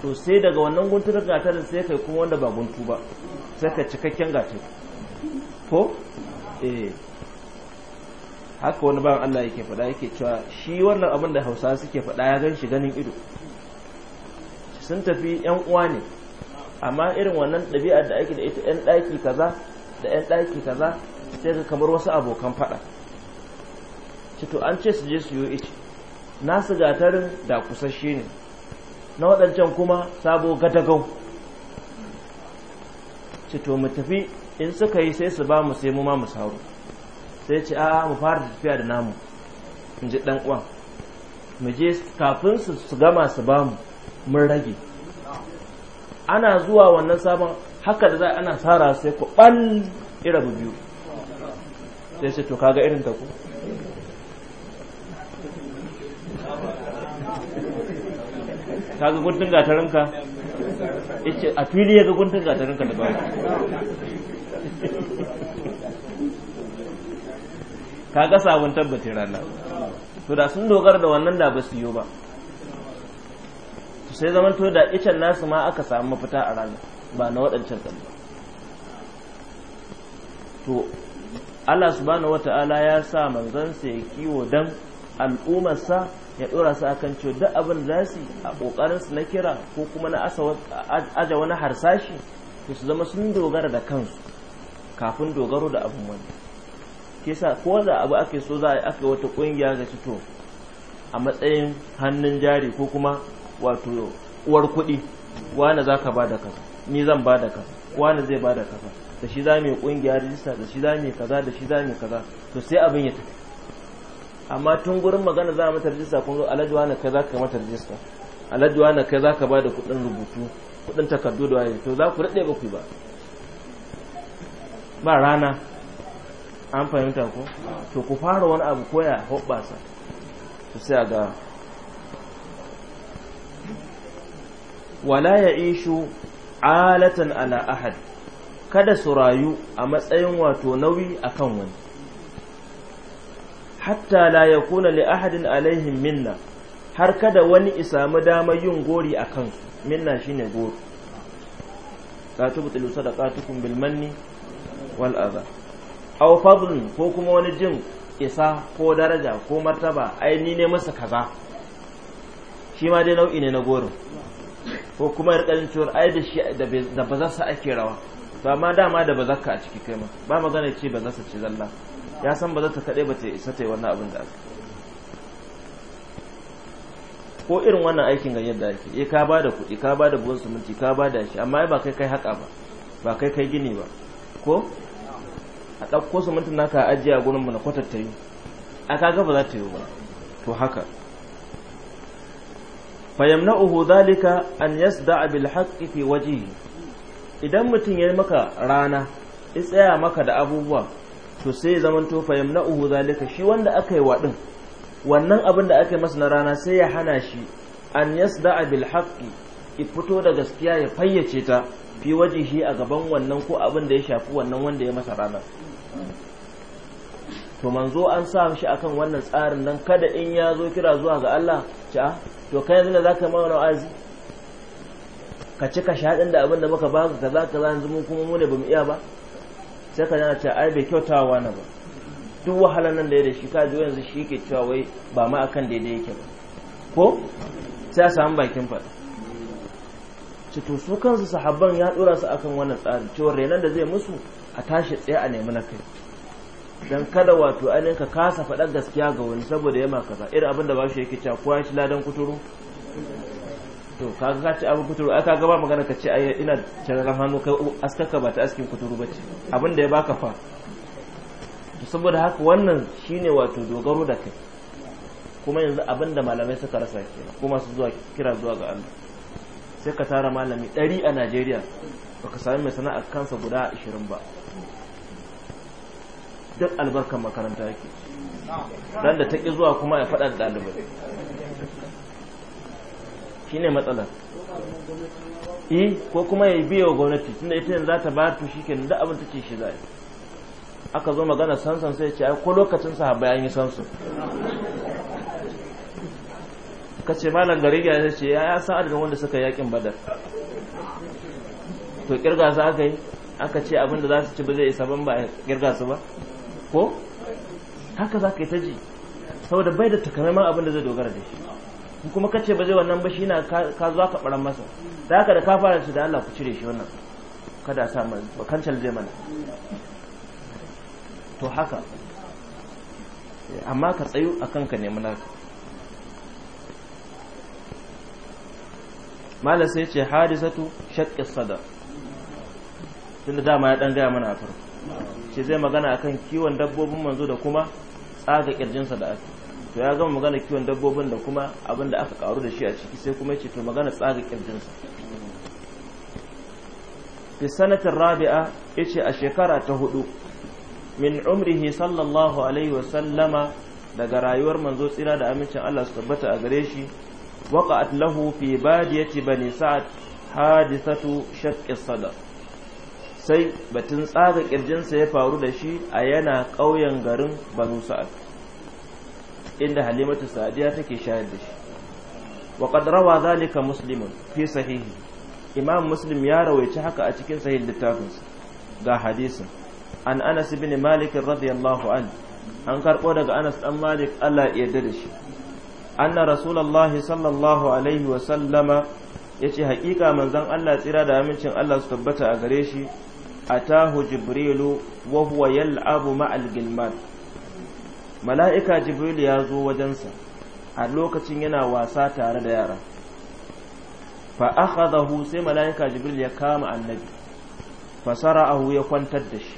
to sai daga wannan guntun gatarin sai kai kuma wanda ba guntu ba sai ka cikakken gatari ko eh haka wani bayan Allah yake faɗa yake cewa shi wannan abin da hausa suke faɗa ya gan shi ganin ido sun tafi yan uwa ne amma irin wannan ɗabi'ar da ake da ita yan ɗaki kaza da yan ɗaki kaza sai ka kamar wasu abokan faɗa ce to an ce su je su yi ice nasu gatarin da kusashe ne na waɗancan kuma sabo gadagau gau to mu tafi in suka yi sai su ba mu sai mu ma mu sauro sai ce a mu fara tafiya da namu in ji ɗan ƙwan mu je kafin su gama su ba mu mun rage ana zuwa wannan sabon haka da za ana sara sai ku ɓal irabu biyu sai ce to kaga irin ta ku ka ga guntun gatarinka yace a fili ya ga guntun gatarinka da ba ka ga sabon tabbatin rana to da sun dogara da wannan da ba su yiwu ba sai zaman to da icen nasu ma aka samu mafita a rana ba na waɗancan ba to Allah subhanahu wata'ala ya sa manzansa ya kiwo dan al'ummarsa ya dora su akan cewa duk abin za su a kokarin su na kira ko kuma na aja wani harsashi to su zama sun dogara da kansu kafin dogaro da abin wani sa ko da abu ake so za a aka wata kungiya ga to a matsayin hannun jari ko kuma wato uwar kuɗi wane za ka ba da kasa ni zan ba da kasa wane zai ba da kasa da shi za mu yi kungiya rijista da shi za mu yi kaza da shi za mu yi kaza to sai abin ya tafi amma tun gurin magana za a mata rijista kun zo alajuwa na kai za ka mata rijista alajuwa wani kai za ka ba da kuɗin rubutu kuɗin takardu da waye to za ku daɗe ba ku ba ba rana an fahimta ko to ku fara wani abu koya hobbasa to sai ga wala ya ishu alatan ala ahad kada su rayu a matsayin wato nauyi akan wani hatta la yakuna li ahadin alaihim minna har kada wani isamu damar yin gori akan minna shine gori la tubtilu sadaqatukum bil manni wal adha aw fadlun ko kuma wani jin isa ko daraja ko martaba ai ni ne masa kaza shi ma dai nau'i ne na gori ko kuma rikalin cewar ai da shi da bazarsa ake rawa ba ma dama da bazarka a ciki kai ma ba magana ce bazarsa ce zalla ya san ba za ta kaɗai ba ta isa ta yi wannan abin da aka ko irin wannan aikin ga yadda ake eh ka ba da kuɗi ka ba da buwan suminti ka ba da shi amma ba kai kai haƙa ba ba kai kai gini ba ko a ɗauko sumintin naka a ajiye a gurin mana kwatar ta yi a ka ba za ta yi ba to haka uhu zalika an yas da bil haqqi fi waje idan mutum ya yi maka rana ya tsaya maka da abubuwa to sai zaman to fa yamna'uhu zalika shi wanda aka yi wadin wannan abin da aka yi masa na rana sai ya hana shi an yasda'a bil haqqi i fito da gaskiya ya fayyace ta fi shi a gaban wannan ko abin da ya shafi wannan wanda ya masa rana to manzo an sa shi akan wannan tsarin dan kada in ya zo kira zuwa ga Allah a ah, to kai yanzu da zaka yi mana wa'azi ka cika shahadin da abin da muka ba baka ka za yanzu mu kuma mu ne bamu iya ba sai ka yana ce ai bai kyauta wa ba duk wahalar nan da ya da shi kaji ji yanzu shi ke cewa wai ba ma akan daidai yake ba ko sai a samu bakin faɗa cito su kansu sahabban ya ɗora su akan wannan tsari cewa renan da zai musu a tashi tsaye a nemi na kai dan kada wato ainihin ka kasa faɗar gaskiya ga wani saboda ya kaza irin abin da ba shi yake cewa kowa ci ladan kuturu to kaga ga ci abin kuturu aka gaba magana ka ce ai ina ciraran hannu kai askaka ba ta askin kuturu bace abin da ya baka fa saboda haka wannan shine wato dogaro da kai kuma yanzu abin da malamai suka rasa ke kuma su zuwa kira zuwa ga Allah sai ka tara malami ɗari a Najeriya baka sami mai sana'a kansa guda ashirin ba duk albarkan makaranta yake dan da ta ki zuwa kuma ya faɗa da ɗalibai ne matsalar yi eh, ko kuma ya biya wa gwamnati tunda ita yanzu za ta ba shi ke da abin take shi zai aka zo magana sansan sai ce ai ko lokacin bayan yi sansu ka ce malam gari ya ce ya san adadin wanda suka yi yakin badar to kirga su aka yi aka ce abin da za su ci ba zai isa ban ba kirga su ba ko haka za ka yi ta ji saboda bai da takamaiman da zai dogara da shi kuma ka ce ba zai wannan ba shi na ka zuwa ka ɓaran masa da haka da ka fara shi da Allah ku cire shi wannan kada sa mai ba kancal zai mana to haka amma ka tsayu a kanka nemi naka mala sai ce hadisatu shaqqis sadar da dama ya dan gaya mana a farko ce zai magana akan kiwon dabbobin manzo da kuma tsaga kirjinsa da ake to ya gama magana kiwon dabbobin da kuma abin da aka karu da shi a ciki sai kuma ce to magana tsaga kirjinsa fi sanatin rabi'a ya ce a shekara ta hudu min umrihi sallallahu alaihi wasallama daga rayuwar manzo tsira da amincin Allah su tabbata a gare shi waqa'at lahu fi badiyati bani sa'ad hadisatu shakki sada sai batun tsaga kirjinsa ya faru da shi a yana ƙauyen garin banu sa'ad inda halimatu sa'diya take shayar da shi wa qad rawa zalika muslimun fi sahihi imam muslim ya rawaici haka a cikin sahih littafinsa ga hadisin an anas ibn malik radiyallahu an an karbo daga anas dan malik Allah ya yarda da shi anna rasulullahi sallallahu alaihi wa sallama yace haƙiƙa manzon Allah tsira da amincin Allah su tabbata a gare shi atahu jibrilu wa huwa yal'abu ma'al gilman mala'ika jibril ya zo wajensa a lokacin yana wasa tare da yara fa zahu sai mala'ika jibril ya kama annabi fa sara'ahu ya kwantar da shi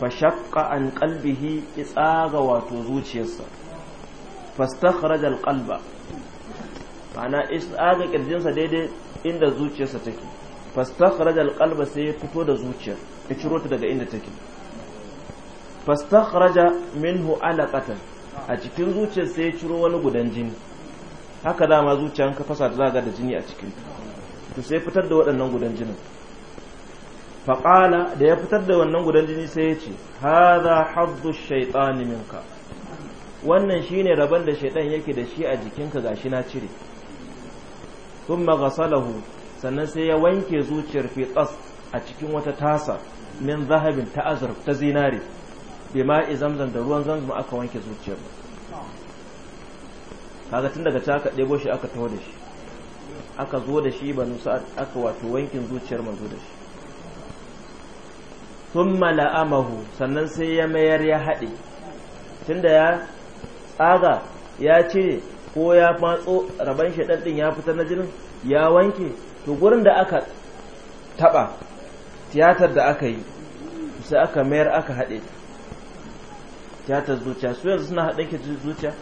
fa shakka an qalbihi tsaga wato zuciyarsa fastakhraja alqalba ana tsaga kirjinsa daidai inda zuciyarsa take fastakhraja kalba sai ya fito da zuciyar ya ciro ta daga inda take fastakhraja minhu alaqatan a cikin zuciyar sai ya ciro wani gudan jini haka ma zuciyar ka fasa za ga da jini a cikin to sai fitar da waɗannan gudan jinin faƙala da ya fitar da wannan gudan jini sai ya ce hadha haddu shaitani minka wannan shine rabon da shaitan yake da shi a jikinka gashi na cire thumma ghasalahu sannan sai ya wanke zuciyar fi a cikin wata tasa min zahabin ta azur ta zinare yi zamzam da ruwan zamzam aka wanke zuciyar kaga tun daga ta aka ɗebo shi aka taho da shi aka zo da shi ba nusa aka wato wankin zuciyar manzo da shi sun mala'amahu sannan sai ya mayar ya haɗe da ya tsaga ya cire ko ya matso raban shaɗar ɗin ya fitar na jinin ya wanke to gurin da aka taɓa tiyatar da aka yi sai aka mayar aka haɗe ta tiyatar zuciya su yanzu suna haɗe ke zuciya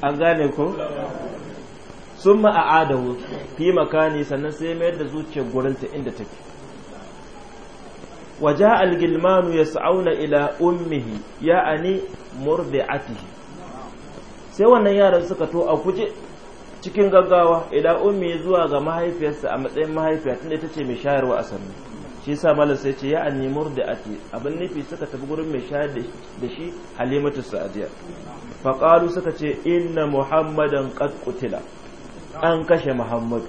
an gane ku. sun ma'adawu fi makani sannan sai mayar da zuciyar gurinta inda take waje algilmanu ya sa'auna ila ummihi ya ani atihi. sai wannan yaran suka to a kuje cikin gaggawa ila ummi zuwa ga mahaifiyarsa a matsayin mahaifiya tunda ita ce mai shayarwa a sannan shi yasa malam sai ce ya da ake abin nufi suka tafi gurin mai shayar da shi halimatu sa'diya fa qalu suka ce inna muhammadan qad qutila an kashe muhammad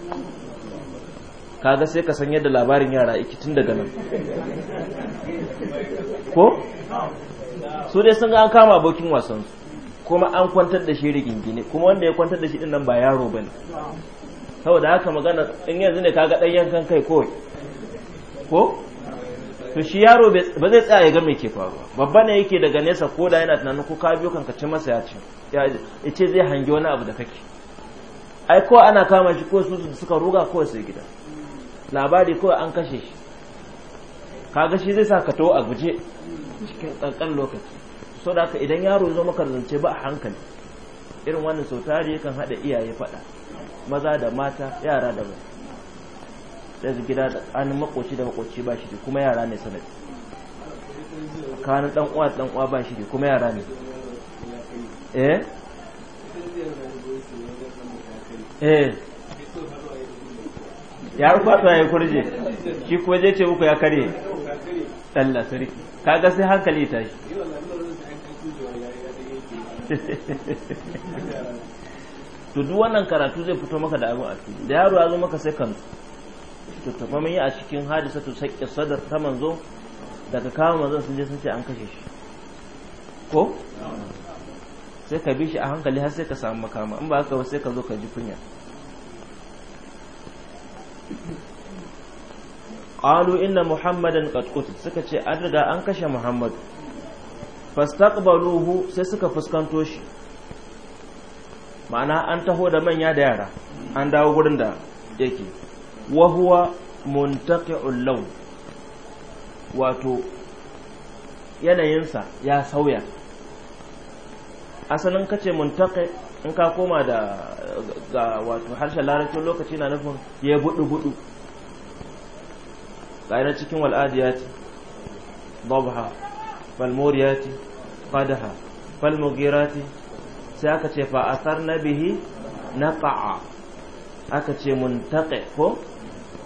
kaga sai ka san yadda labarin yara iki tun daga nan ko su dai sun ga an kama abokin wasan su kuma an kwantar da shi rigingine kuma wanda ya kwantar da shi din nan ba yaro bane saboda haka magana in yanzu ne kaga dan yankan kai kawai ko to shi yaro ba zai tsaya ya ga mai ke faruwa babba ne yake daga nesa ko da yana tunanin ko ka biyo kanka ci masa ya ce ya ce zai hangi wani abu da kake ai ko ana kama shi ko su suka ruga ko sai gida labari ko an kashe shi kaga shi zai sa ka to a guje cikin kankan lokaci so da idan yaro ya zo maka zance ba a hankali irin wannan sautari yakan hada iyaye fada maza da mata yara da mata sai su gida tsakanin makoci da makoci ba shi kuma yara ne sanar kanin ɗan'uwa uwa ɗan'uwa uwa ba shi kuma yara ne eh eh ya rufa ta ya kurje shi kuma je ce muku ya kare Allah sarki ga sai hankali ta shi to duk wannan karatu zai fito maka da abin a da yaro ya zo maka sai kan tuttufa yi a cikin hadisa tu saƙi sadar ta manzo daga kawo sun je sun ce an kashe shi ko sai ka bi shi a hankali har sai ka samu makama in ba haka ba sai ka zo ka ji kunya qalu inna muhammadan qad qutil suka ce an riga an kashe muhammad fastaqbaluhu sai suka fuskanto shi ma'ana an taho da manya da yara an dawo gurin da yake wa huwa muntaqi'ul lawn wato yanayinsa ya sauya asalin kace muntaqi in ka koma da ga wato harshen larabcin lokaci na nufin ya budu budu ga cikin wal'adiyati dabha falmuriyati qadaha falmugirati sai aka ce fa asar na bihi na aka ce muntaqi ko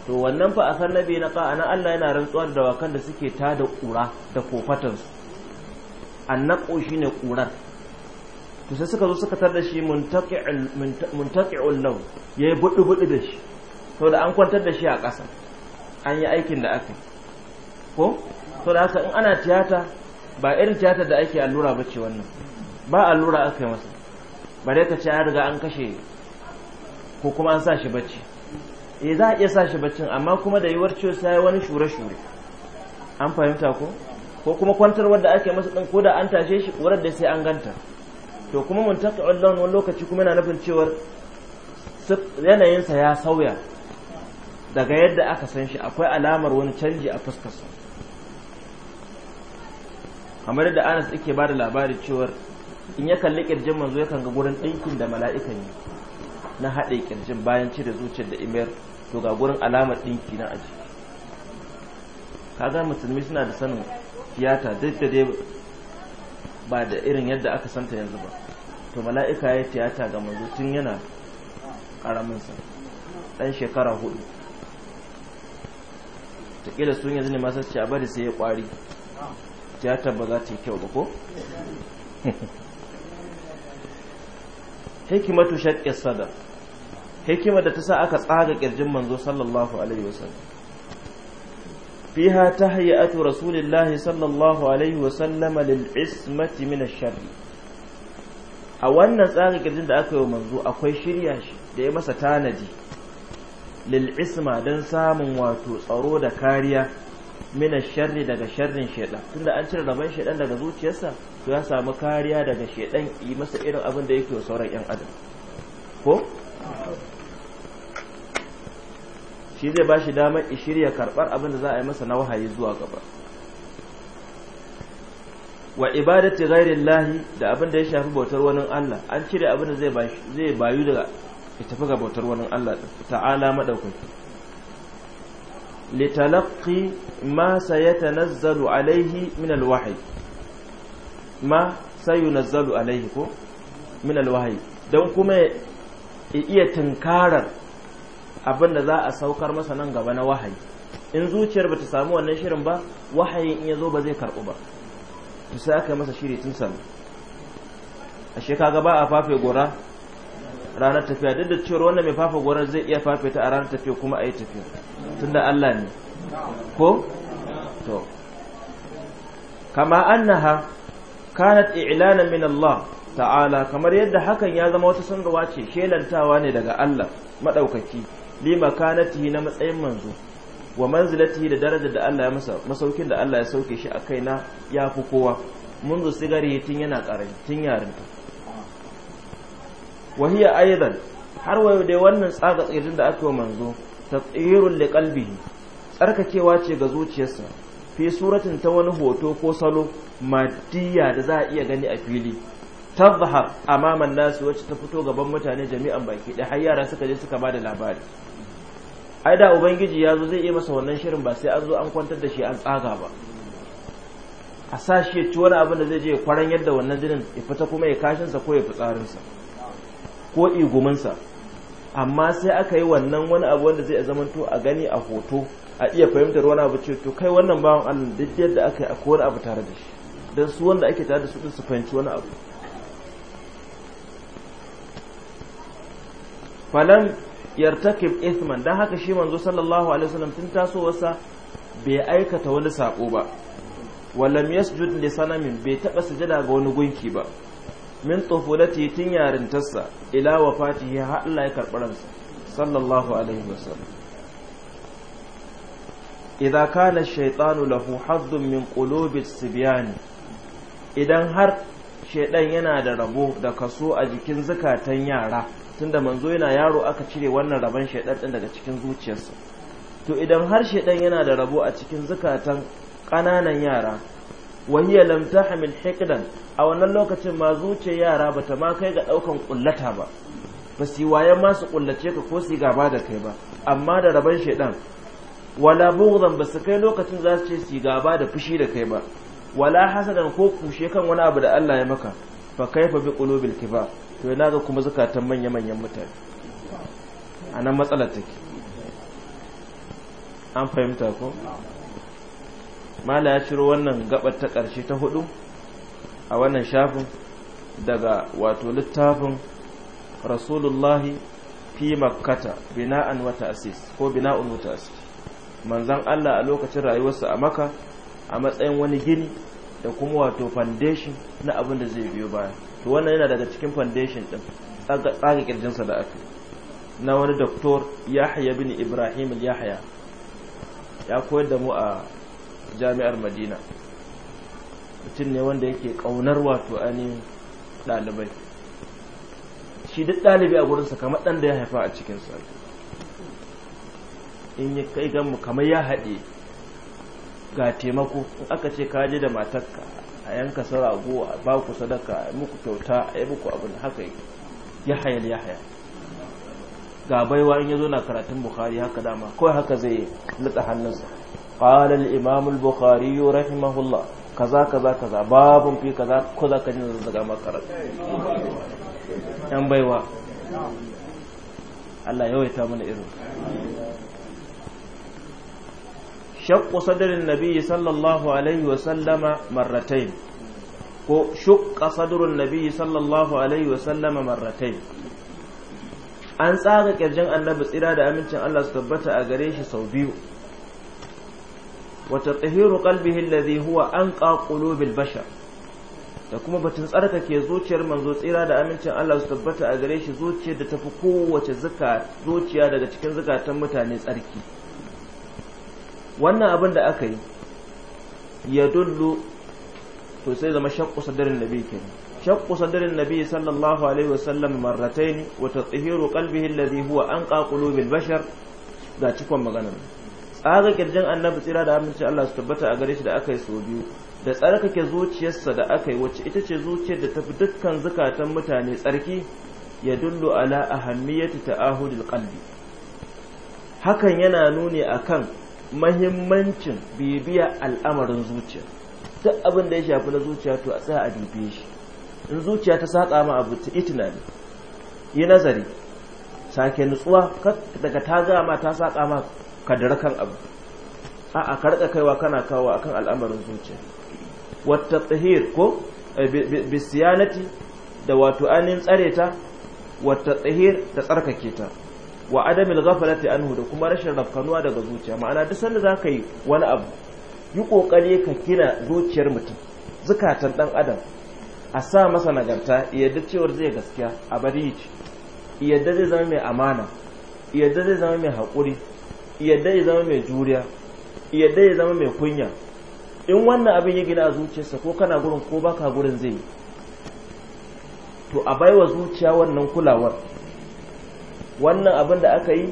to wannan fa a sallabe na ƙa'ana Allah yana rantsuwa da dawakan da suke ta da ƙura da kofatansu annaƙo shi ne ƙurar to sai suka zo suka tar da shi muntaƙi'ul lau ya yi buɗi-buɗi da shi to da an kwantar da shi a ƙasa an yi aikin da aka ko to da haka in ana tiyata ba irin tiyata da ake allura ba ce wannan ba allura aka yi masa bare ta ka ce ya riga an kashe ko kuma an sa shi bacci e za a iya sa shi baccin amma kuma da yiwuwar ciwo sai wani shure-shure an fahimta ko ko kuma kwantarwar da ake masa ɗin ko da an tashe shi ƙurar da sai an ganta to kuma mun muntaqi'ul lawn wani lokaci kuma yana nufin cewar yanayinsa ya sauya daga yadda aka san shi akwai alamar wani canji a fuskarsa kamar yadda Anas yake ba da labari cewar in ya kalli kirjin manzo yakan ga gurin ɗinkin da mala'ikan yi na haɗe kirjin bayan cire zuciyar da imiyar. to ga gurin alamar ɗinki na aji kaga musulmi suna da sanin tiyata duk da dai ba da irin yadda aka santa yanzu ba to mala'ika ya tiyata ga manzo tun yana karamin sa ɗan shekara hudu takila sun yanzu ne masu ce a bari sai ya kwari tiyata ba za ta yi kyau ba ko hikimatu shaƙƙi sadar hikimar da ta sa aka tsaga kirjin manzo sallallahu alaihi wasallam fiha tahiyatu rasulillahi sallallahu alaihi wasallam lil ismati min ash a wannan tsaga kirjin da aka yi manzo akwai shirya shi da ya masa tanadi lil isma dan samun wato tsaro da kariya min ash daga sharrin shedan tunda an cire rabon shedan daga zuciyarsa to ya samu kariya daga shedan yi masa irin abin da yake sauran yan adam ko shi zai ba shi damar shirya karɓar abin da za a yi masa na wahayi zuwa gaba wa ibadati ghairi lahi da abin da ya shafi bautar wani Allah an cire abin da zai bayu daga ya tafi ga bautar wani Allah ta'ala madaukaki litalaqi ma sayatanazzalu alaihi min alwahyi ma sayunazzalu alaihi ko min alwahyi don kuma iya tunkarar abin da za a saukar masa nan gaba na wahayi in zuciyar ba ta samu wannan shirin ba wahayin in ya zo ba zai karɓu ba to sai aka yi masa shiri tun sami a shekara ba a fafe gora ranar tafiya duk da cewar wannan mai fafe gora zai iya fafe ta a ranar tafiya kuma a yi tafiya tun da Allah ne ko? to kama annaha kanat i'lanan min Allah ta'ala kamar yadda hakan ya zama wata sanarwa ce shelantawa ne daga Allah maɗaukaki li makanatihi na matsayin manzo wa manzilatihi da darajar da Allah ya masa masaukin da Allah ya sauke shi a kaina ya fi kowa منذ sigari tun yana karami tun yarinta wahiya aidan har wayo dai wannan tsaga tsirin da aka manzo tatsirul liqalbihi tsarkakewa ce ga zuciyarsa fi suratin ta wani hoto ko salo madiya da za a iya gani a fili tazhar amaman nasu wacce ta fito gaban mutane jami'an baki da har yara suka je suka bada labari ai da ubangiji ya zo zai yi masa wannan shirin ba sai an zo an kwantar da shi an tsaga ba a sa shi ya ci wani abin da zai je kwaran yadda wannan jinin ya fita kuma ya kashin sa ko ya sa. ko iguminsa amma sai aka yi wannan wani abu wanda zai zamanta a gani a hoto a iya fahimtar wani abu ce to kai wannan bawan allah duk yadda aka yi akwai wani abu tare da shi dan su wanda ake tare da su su fahimci wani abu falan yartakib ithman dan haka shi manzo sallallahu alaihi wasallam tun tasowarsa bai aikata wani sako ba walam yasjud li sanamin bai taba sujada ga wani gunki ba min tufulati tun yarintarsa ila wafatihi har Allah ya karɓi ransa sallallahu alaihi wasallam idza kana ash-shaytanu lahu hazzun min qulubi as-sibyan idan har shaydan yana da rabo da kaso a jikin zakatan yara tunda manzo yana yaro aka cire wannan rabon shaidan din daga cikin zuciyarsa to idan har shaidan yana da rabo a cikin zukatan kananan yara wahiya lam tahmil hikdan a wannan lokacin ma zuciyar yara bata ma kai ga daukan kullata ba ba su wayan ma su kullace ka ko su gaba da kai ba amma da rabon shaidan wala bughdan ba su kai lokacin za su ce su gaba da fushi da kai ba wala hasadan ko kushe kan wani abu da Allah ya maka fa kaifa bi qulubil kibar to yana ga kuma zukatan manya-manyan mutane a nan matsalar take an fahimta ko mala ya ciro wannan gabar ta ƙarshe ta hudu a wannan shafin daga wato littafin rasulullahi fi makkata bina'an wata asis ko bina'un wata asis manzan Allah a lokacin rayuwarsa a maka a matsayin wani gini da kuma wato foundation na abin da zai biyo baya to wannan yana daga cikin foundation din tsaga kirjinsa da aka na wani doktor yahya bin ibrahim yahya ya koyar da mu a jami'ar madina mutum ne wanda yake kaunar wato ainihin dalibai shi duk ɗalibi a gurinsa kamar ɗan da ya haifa a cikinsa in ya kai ganmu kamar ya haɗe ga taimako in aka ce ka je da matarka a yanka sarago a ba ku sadaka a muku kyauta a yi muku abin haka ya hayal ya hayal ga baiwa in ya zo na karatun bukhari haka dama kawai haka zai lutsa hannunsa qala al-imam al-bukhari rahimahullah kaza kaza kaza babun fi kaza ko za ka da zazzaga makaranta yan baiwa Allah ya waita mana irin Shakku sadarin Nabiyyi sallallahu alaihi ko nabi sallallahu alaihi an tsaga kirjin annabi tsira da amincin Allah su tabbata a gare shi sau biyu wata tahiru qalbihi alladhi huwa an qulubil bilbasha da kuma batun tsarkake zuciyar manzo tsira da amincin Allah su tabbata a gare shi zuciyar da tafi kowace zuciya daga cikin zukatan mutane tsarki wannan abin da aka yi ya dullu to sai zama shakku sadarin nabi kenan shakku sadarin nabi sallallahu alaihi wasallam marratayn wa tathiru qalbihi alladhi huwa anqa qulubil bashar ga cikon magana. tsaga kirjin annabi tsira da aminci Allah su tabbata a gare shi da aka yi sau biyu da tsarkake zuciyarsa da aka yi wacce ita ce zuciyar da tafi dukkan zukatan mutane tsarki ya dullu ala ahammiyati ta'ahudil qalbi hakan yana nuni akan mahimmancin bibiya al'amarin zuciya duk abin da ya shafi na zuciya to a tsaya a dubiye shi in zuciya ta saƙa ma abu ta itina ne yi nazari sake nutsuwa daga ta gama ta saƙa ma kadar kan abu a a karɗa kaiwa kana kawo akan al'amarin zuciya wata tsahir ko eh, bisiyanati da wato ainihin tsare ta wata tsahir da tsarkake ta wa adamil ghaflati anhu da kuma rashin rafkanuwa daga zuciya ma'ana duk sanda zaka yi wani abu yi ƙoƙari ka gina zuciyar mutum zukatan dan adam a sa masa nagarta yadda cewar zai gaskiya a bari ce yadda zai zama mai amana yadda zai zama mai haƙuri yadda zai zama mai juriya yadda zai zama mai kunya in wannan abin ya gina a zuciyarsa ko kana gurin ko baka gurin zai yi to a baiwa zuciya wannan kulawar wannan abin da aka yi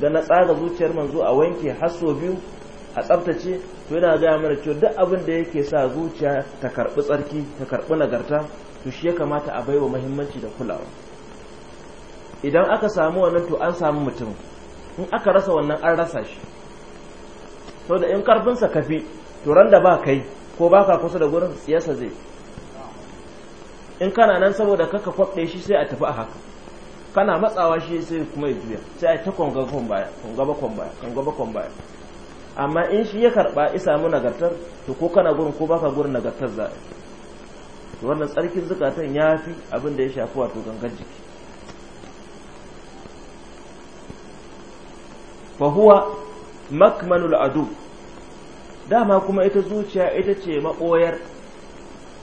da na tsara zuciyar manzo a wanke haso biyu a tsabtace to yana gaya mana cewa duk abin da yake sa zuciya ta karbi tsarki ta karbi nagarta to shi ya kamata a baiwa muhimmanci da kulawa idan aka samu wannan to an samu mutum in aka rasa wannan an rasa shi to da in karfinsa kafi to ran da ba kai ko baka kusa da gurin siyasa zai in kana nan saboda kaka kwafɗe shi sai a tafi a haka kana matsawa shi sai kuma ya juya sai a ta kwanga baya kwanga baya kwanga baya amma in shi ya karba isa samu nagartar to ko kana gurin ko baka gurin nagartar za to wannan tsarkin zukatan ya fi abin da ya shafi wato gangan jiki fa huwa makmanul adu dama kuma ita zuciya ita ce maɓoyar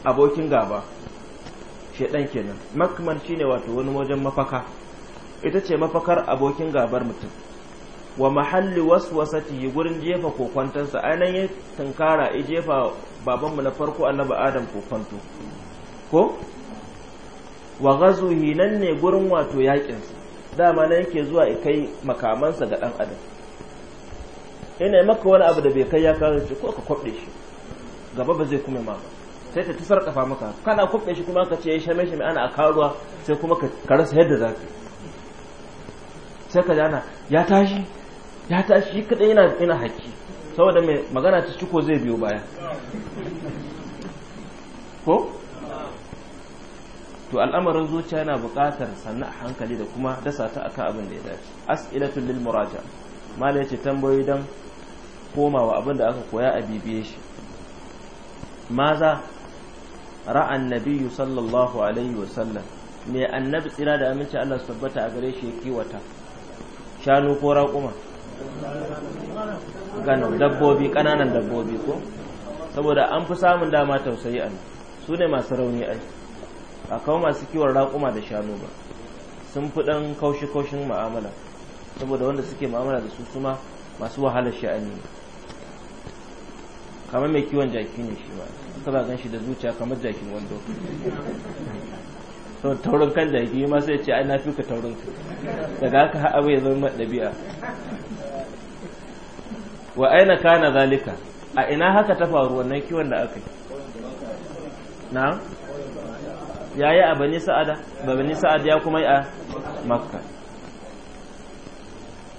abokin gaba shedan kenan makman shine wato wani wajen mafaka ita ce mafakar abokin gabar mutum wa mahalli waswasati gurin jefa kokwantansa ainihin ya tunkara ya jefa babanmu na farko annabi adam kokwanto ko wa gazuhi nan ne gurin wato yakinsa dama na yake zuwa kai makamansa ga dan adam ina maka wani abu da bai kai ya kawo ko ka kwaɓe shi gaba ba zai kuma ma sai ta tusar kafa maka kana kubbe shi kuma ka ce ya shame shame ana a karuwa sai kuma ka rasa yadda za ka sai ka jana ya tashi ya tashi shi kaɗai yana yana haƙƙi saboda mai magana ta ciko zai biyo baya ko to al'amarin zuciya yana buƙatar sannan a hankali da kuma dasa ta akan abin da ya dace as'ilatul lil muraja mala yace tambayoyi dan komawa abin da aka koya a bibiye shi maza ra'an annabiyyu sallallahu alaihi wasallam mai annabi tsira da aminci Allah su tabbata a gare shi ya kiwata shanu ko raƙuma gano dabbobi ƙananan dabbobi ko saboda an fi samun dama tausayi a su ne masu rauni ai a kawo masu kiwon raƙuma da shanu ba sun fi ɗan kaushi-kaushin ma'amala saboda wanda suke ma'amala da su suma masu wahalar sha'ani kamar mai kiwon jaki ne shi ba ka ba gan shi da zuciya kamar jakin wando sau taurin kan jaki ma sai ce ai na fi ka taurin daga haka ha abu ya zama ɗabi'a wa aina kana zalika a ina haka ta faru wannan kiwon da aka yi na ya yi a bani sa'ada ba bani sa'ada ya kuma yi a makka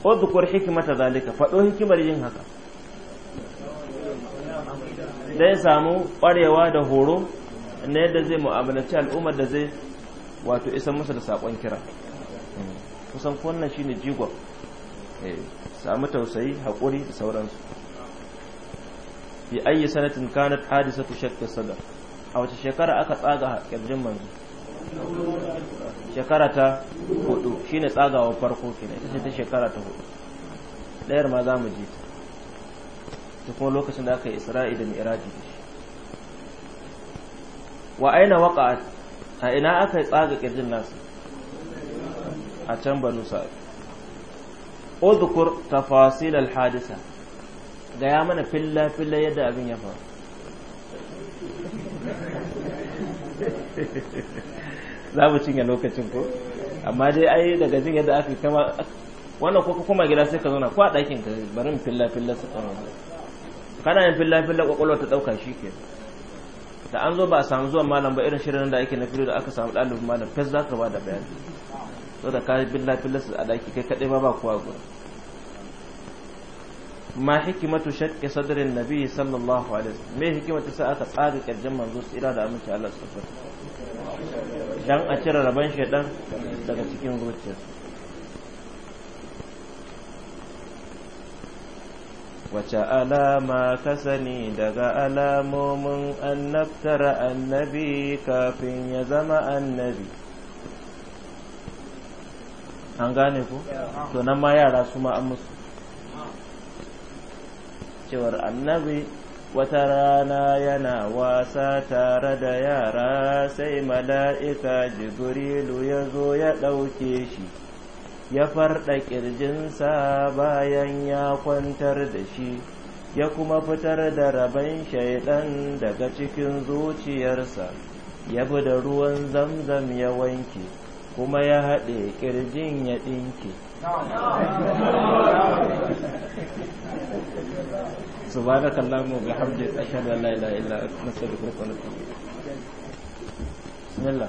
udkur hikimata zalika faɗo hikimar yin haka da ya samu ƙwarewa da horo na yadda zai mu'amalci al'ummar da zai wato isa musu da saƙon kira kusan wannan shine jigon eh, samu tausayi haƙuri da sauransu bi ayi sanatin kanat ta shakka sadar a wace shekara aka tsaga ƙirjin manzo shekara ta hudu shine tsagawa farko kenan ita ce ta shekara ta hudu ɗayar ma za mu ji ta da kuma lokacin da aka yi isra'i da mi'iraji da shi wa aina waka a ina aka yi tsaga kirjin nasu a can nusa o udhkur ta al hadisa ga ya mana filla filla yadda abin ya faru za mu cinye lokacin ko amma dai ai daga jin yadda aka yi kama wannan ko kuma gida sai ka zauna kwa ɗakin ka barin filla filla su tsaro kana yin filla filla kwakwalwa ta ɗauka shi ke da an zo ba a samu zuwa malam ba irin shirin da ake na filo da aka samu dalibin malam fes za ka ba da bayani so da ka filla filla a daki kai kadai ba ba kowa gudu ma hikimatu shakki sadarin nabi sallallahu alaihi wasallam me hikimatu sa aka tsaga kirjin manzo tsira da aminci Allah subhanahu dan a cire rabon shedan daga cikin zuciyarsa wace alama ka sani daga alamomin annabtar annabi kafin ya zama annabi an gane ku? to nan ma yara su ma musu cewar annabi wata rana yana wasa tare da yara sai mala'ika jibrilu ya zo ya ɗauke shi ya farɗa ƙirjinsa bayan ya kwantar da shi ya kuma fitar da rabon shaiɗan daga cikin zuciyarsa ya bi da ruwan zamzam ya wanke kuma ya haɗe ƙirjin ya ɗinke سبحانك اللهم وبحمدك أشهد أن لا إله إلا أنت نستغفرك ونتوب بسم الله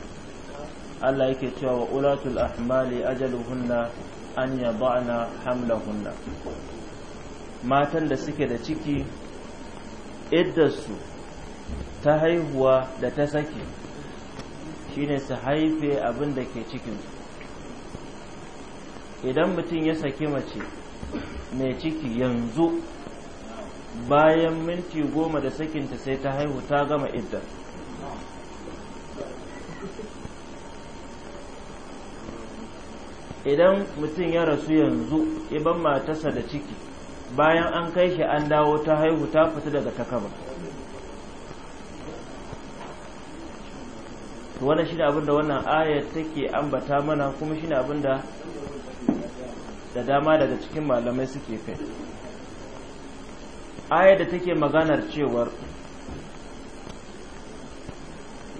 Allah yake cewa wa ulatul ahmali ajaluhunna an yada'na hamlahunna matan da suke da ciki iddarsu ta haihuwa da ta saki shine su haife abin da ke cikinsu idan mutum ya saki mace mai ciki yanzu bayan minti goma da sakinta sai ta haihu ta gama iddar idan mutum ya rasu yanzu iban matarsa da ciki bayan an kai shi an dawo ta haihu ta fita daga takaba wannan shi ne da wannan ayar take ambata mana kuma shi ne da da dama daga cikin malamai suke kai ayar da take maganar cewar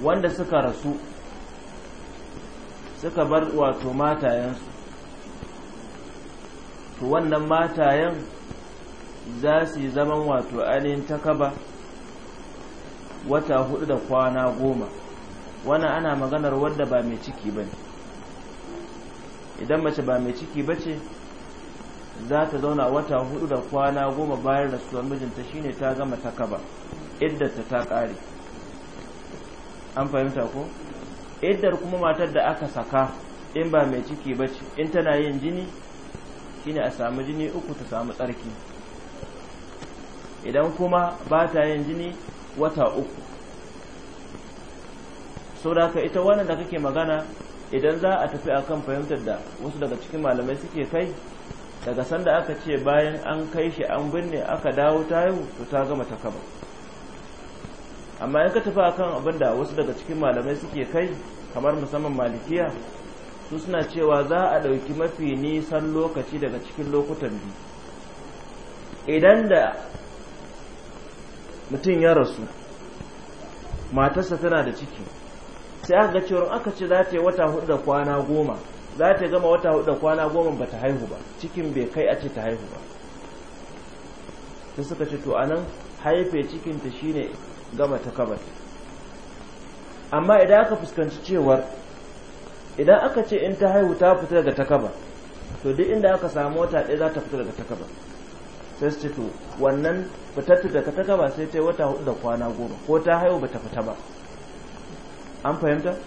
wanda suka rasu suka bar wato matayensu to wannan matayen za su yi zaman wato ainihin takaba wata hudu da kwana goma wannan ana maganar wadda ba mai ciki ba ne idan mace ba mai ciki ba ce za ta zauna wata hudu da kwana goma bayan rasuwar mijinta shine ta gama takaba iddata ta kare an fahimta ko iddar kuma matar da aka saka in ba mai ciki ba ce in tana yin jini shine a samu jini uku ta samu tsarki idan kuma ba ta yin jini wata uku saboda ita wannan da kake magana idan za a tafi akan fahimtar da wasu daga cikin malamai suke kai daga sanda aka ce bayan an kai shi an binne aka dawo ta yau to ta gama ta kaba amma in ka tafi akan abinda da wasu daga cikin malamai suke kai kamar musamman malikiya su suna cewa za a ɗauki mafi nisan lokaci daga cikin lokutan biyu idan da mutum ya rasu matarsa tana da ciki sai aka ga cewa aka ce za ta yi wata hudu da kwana goma za ta gama wata hudu da kwana goma ba ta haihu ba cikin bai kai a ce ta haihu ba ta suka ce to anan haife cikinta shine gama ta kabata amma idan aka fuskanci cewar idan aka ce in ta haihu ta fita daga takaba to duk inda aka samu wata ɗaya za ta fita daga takaba sai su ce to wannan fitattu daga takaba sai ta yi wata hudu da kwana goma ko ta haihu ba ta fita ba an fahimta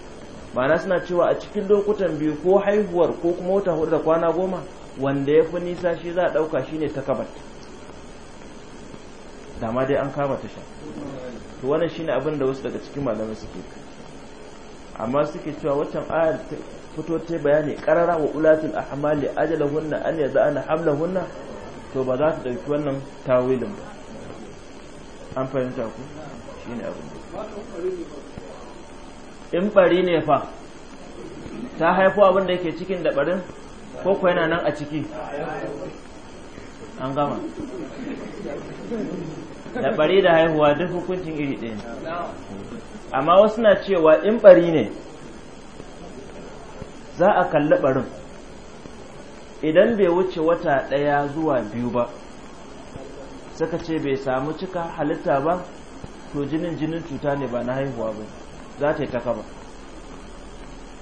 ma'ana suna cewa a cikin lokutan biyu ko haihuwar ko kuma wata hudu da kwana goma wanda ya fi nisa shi za a ɗauka shi ne takabar dama dai an kama ta sha to wannan shine abin da wasu daga cikin malamai suke amma suke cewa waccan ayar fito ta bayani karara wa ulatul ahmali ajalahunna an yaza'ana hamlahunna to ba za ta dauki wannan tawilin ba an fahimta ku shine abu in bari ne fa ta haifo abin da yake cikin da barin ko ko yana nan a ciki an gama da bari da haihuwa duk hukuncin iri ɗaya amma wasu na cewa in bari ne za a kalli barin idan bai wuce wata ɗaya zuwa biyu ba suka ce bai samu cika halitta ba to jinin jinin cuta ne ba na haihuwa ba za ta yi taka ba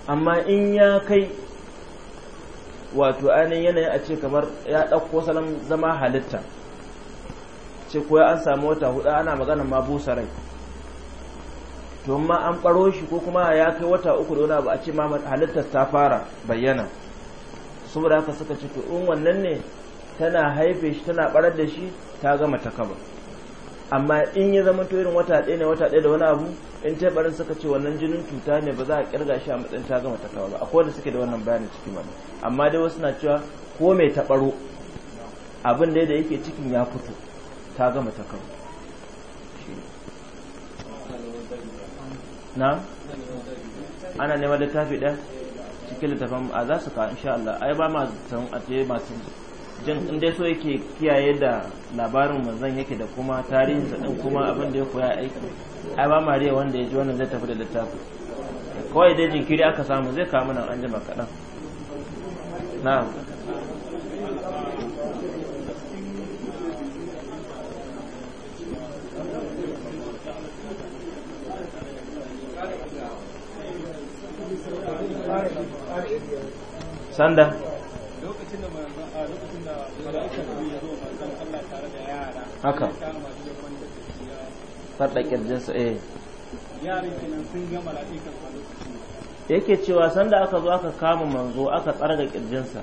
amma in ya kai wato ainihin yanayi a ce kamar ya ɗauko salon zama halitta ce ko an samu wata hudu ana maganar ma busa rai to ma an ɓaro shi ko kuma ya kai wata uku da wani abu a ce ma halittar ta fara bayyana saboda haka suka ce to in wannan ne tana haife shi tana barar da shi ta gama ta kaba amma in ya zama to irin wata ɗaya ne wata ɗaya da wani abu in ta ɓarin suka ce wannan jinin cuta ne ba za a kirga shi a matsayin ta gama ta kaba ba akwai wanda suke da wannan bayanin ciki mana amma dai wasu na cewa ko mai ɓaro abin da yake cikin ya fito ta gama ta kaba na ana neman littafi ɗan cikin littafin a za su ka insha Allah ai ba ma san a ce masu jin in so yake kiyaye da labarin manzon yake da kuma tarihin sa din kuma abin da ya koya aiki ai ba ma riya wanda ya ji wannan zai tafi da littafi kawai dai jinkiri aka samu zai kawo mana an jima kaɗan na'am sanda lokacin da lokacin da mala'ikan ya zo manzon Allah tare da yara haka fadda kirjinsa eh yaran kenan sun ga mala'ikan a lokacin yake cewa sanda aka zo aka kama manzo aka tsarga sa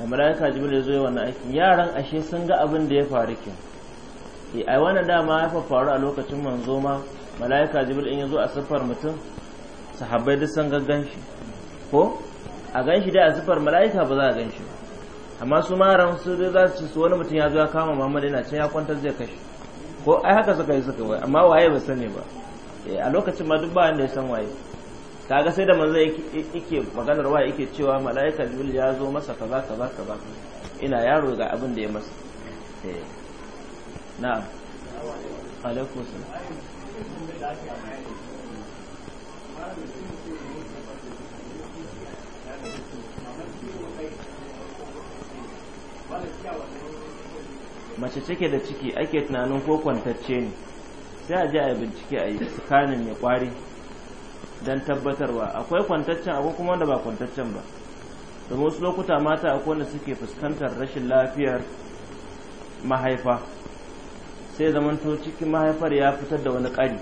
da mala'ika jibril zo wannan aiki. yaran ashe sun ga abin da ya faru kin eh, ai wannan dama ya faru a lokacin manzo ma mala'ika jibril in ya zo a siffar mutum sahabbai duk sun gaggan shi ko a gan shi dai a zufar mala'ika ba za a gan shi amma su maran su dai za su ci su wani mutum ya zo ya kama Muhammad yana can ya kwantar zai kashe ko ai haka suka yi suka wai amma waye ba sani ba eh, a lokacin ma duk ba wanda ya san waye kaga sai da manzo yake maganar waye yake cewa mala'ika Jibril ya zo masa kaza kaza kaza ina yaro ga abin da ya masa eh. na'am alaikum salam mace cike da ciki ake tunanin ko kwantacce ne sai a ji a bincike a yi tsakanin ya kwari don tabbatarwa akwai kwantaccen akwai kuma wanda ba kwantaccen ba da wasu lokuta mata akwai wanda suke fuskantar rashin lafiyar mahaifa sai zamanto cikin mahaifar ya fitar da wani ƙari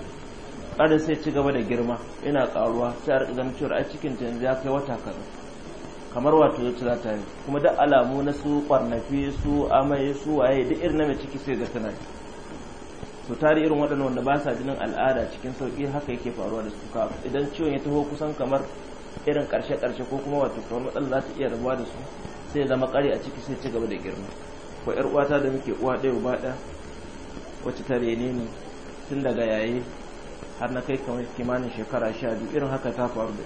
ƙarin sai ci gaba da girma yana ƙaruwa sai a ganin cewa a cikin ta ya kai wata kaza kamar wato ya ci yi kuma duk alamu na su kwarnafi su amai su waye duk irin na mai ciki sai ga tana to tari irin waɗannan wanda ba sa jinin al'ada cikin sauƙi haka yake faruwa da su idan ciwon ya taho kusan kamar irin ƙarshe-ƙarshe ko kuma wato kamar matsala za ta iya rabuwa da su sai zama ƙari a ciki sai ci gaba da girma ko ƴar uwata da muke uwa ɗaya uba ɗaya wacce ta rene ne tun daga yaye har na kai kamar kimanin shekara sha biyu irin haka ta faru da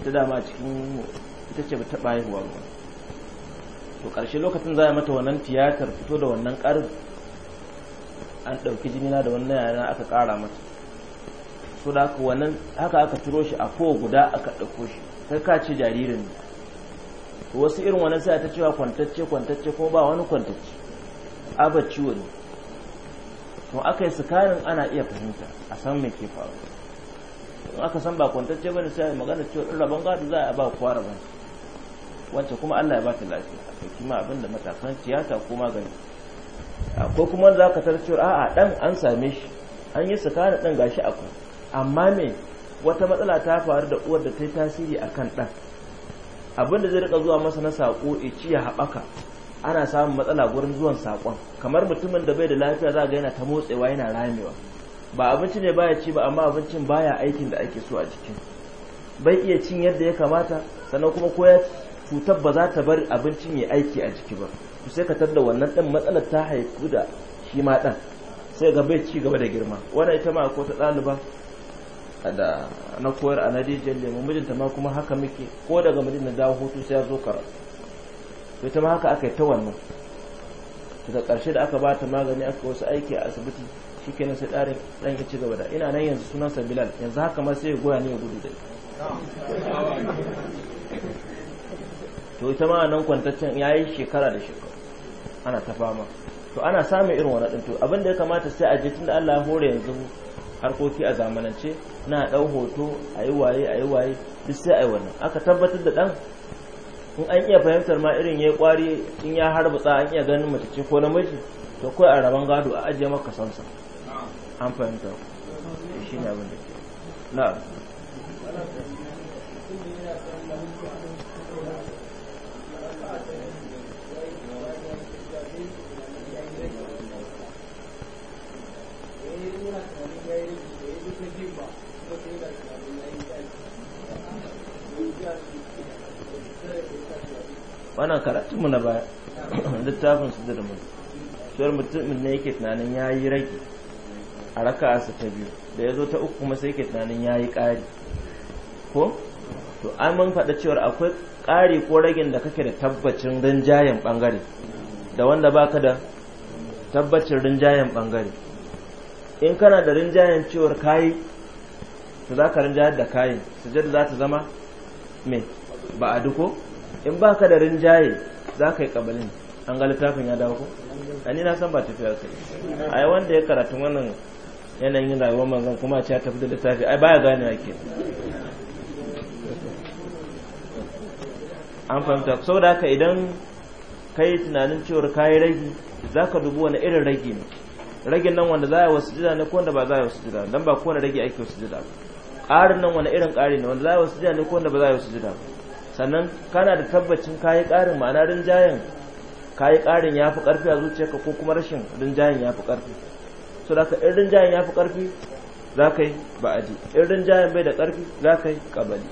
ita dama cikin ita ce ta haihuwa ba to ƙarshe lokacin za a mata wannan tiyatar fito da wannan ƙarin an ɗauki jinina da wannan yana aka ƙara mata so da haka wannan haka aka turo shi a ko guda aka ɗauko shi kai ka ce jaririn wasu irin wani sai ta cewa kwantacce kwantacce ko ba wani kwantacce aba ciwo to aka yi sukarin ana iya fahimta a san me ke faru in aka san ba kwantacce bane sai ai magana cewa in rabon gadi za a ba kowa rabon Wacce kuma Allah ya ba ta lafiya a ɗauki ma abin da matakan tiyata ko magani ko kuma za ka tar cewa a'a dan an same shi an yi sukarin dan gashi akwai amma me wata matsala ta faru da uwar da ta yi tasiri akan ɗan abin da zai rika zuwa masa na saƙo ya ci ya haɓaka ana samun matsala gurin zuwan sakon kamar mutumin da bai da lafiya za ga yana ta motsewa yana ramewa ba abinci ne baya ci ba amma abincin baya aikin da ake so a jikin bai iya cin yadda ya kamata sannan kuma ko ya cutar ba za ta bar abincin ya aiki a jiki ba ku sai ka tarda wannan dan matsalar ta haifu da shi ma dan sai ga bai ci gaba da girma wannan ita ma ko ta ɗaliba da na koyar a nadijiyar lemu mijinta ma kuma haka muke ko daga mijin da dawo hutu sai ya zo karatu to ita ma haka aka yi ta wannan daga ƙarshe da aka ba ta magani aka wasu aiki a asibiti shi kenan sai ɗarin ɗan ya ci gaba da ina nan yanzu sunansa bilal yanzu haka ma sai ya goya ne ya gudu da to ita ma nan kwantaccen ya yi shekara da shekara ana ta fama to ana samun irin wani ɗin to abin da ya kamata sai a je tun da Allah ya hore yanzu harkoki a zamanance na ɗau hoto a yi waye a yi waye duk sai a yi wannan aka tabbatar da ɗan in an iya fahimtar ma irin ya kwari in ya harbutsa an iya ganin mace ko namiji to kai a rabon gado a ajiye maka sansa an fahimta shi ne abin da ke na'am wannan karatun mu na baya littafin su da mu sai mutumin ne yake tunanin ya yi rage a raka su ta biyu da ya zo ta uku kuma sai yake tunanin ya yi ƙari ko to an mun faɗa cewar akwai ƙari ko ragin da kake da tabbacin rinjayen ɓangare da wanda baka da tabbacin rinjayen ɓangare in kana da rinjayen cewar kayi to za ka rinjayar da kayin sujada za ta zama me ba a duko in ba ka da rinjaye za ka yi kabalin an ga littafin ya dawo ko ni na san ba tafiya A ai wanda ya karatu wannan yanayin rayuwar manzon kuma ce ya tafi da littafi ai baya gane ake an fahimta sau da haka idan ka yi tunanin cewar ka yi ragi za ka dubi wani irin ragi ne ragin nan wanda za a yi wasu jida ne ko wanda ba za a yi wasu jida don ba kowane ragi ake wasu jida ƙarin nan wani irin ƙari ne wanda za a yi wasu jida ne ko wanda ba za a yi wasu jida ba sannan kana da tabbacin kayi ƙarin ma'ana rinjayen kayi ƙarin ya fi ƙarfi a zuciyarka ko kuma rashin rinjayen ya fi ƙarfi so da ka in rinjayen ya fi ƙarfi za ka yi ba'adi in rinjayen bai da ƙarfi za ka yi ƙabali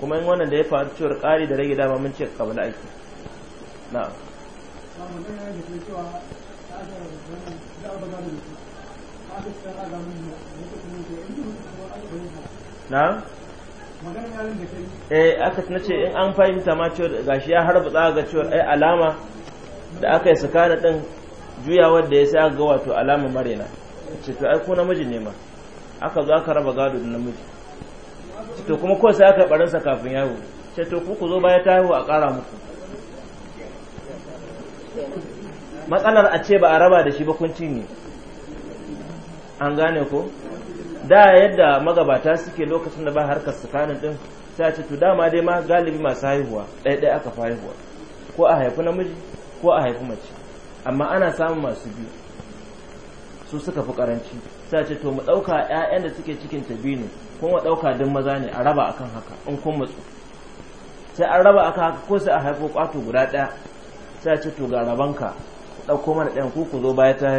kuma in wannan da ya faru cewar ƙari da rage dama mun ce ƙabali aiki na'am na'am eh aka ce in an fahimta ma cewa gashi ya harba za ga cewar ai eh, alama da aka yi sakana din juyawar da ya sai aka ga wato alama marena ce to ai ko namiji ne ma aka zo aka raba gado da namiji to kuma ko sai aka barin sa kafin yawo ce to ku ku zo baya ta haihu a ƙara muku matsalar a ce ba a raba da shi ba kun ne an gane ko da yadda magabata suke lokacin da ba harkar tsakanin din sai ce to dama dai ma galibi masu haihuwa ɗaya aka fi haihuwa ko a haifi namiji ko a haifi mace amma ana samun masu biyu su suka fi karanci sai ce to mu ɗauka ƴaƴan da suke cikin ta biyu ne kuma ɗauka duk maza ne a raba akan haka in kun mutsu sai an raba aka haka ko sai a haifo kwato guda ɗaya sai ce to ga rabanka ɗauko mana ɗayan ku ku zo baya ta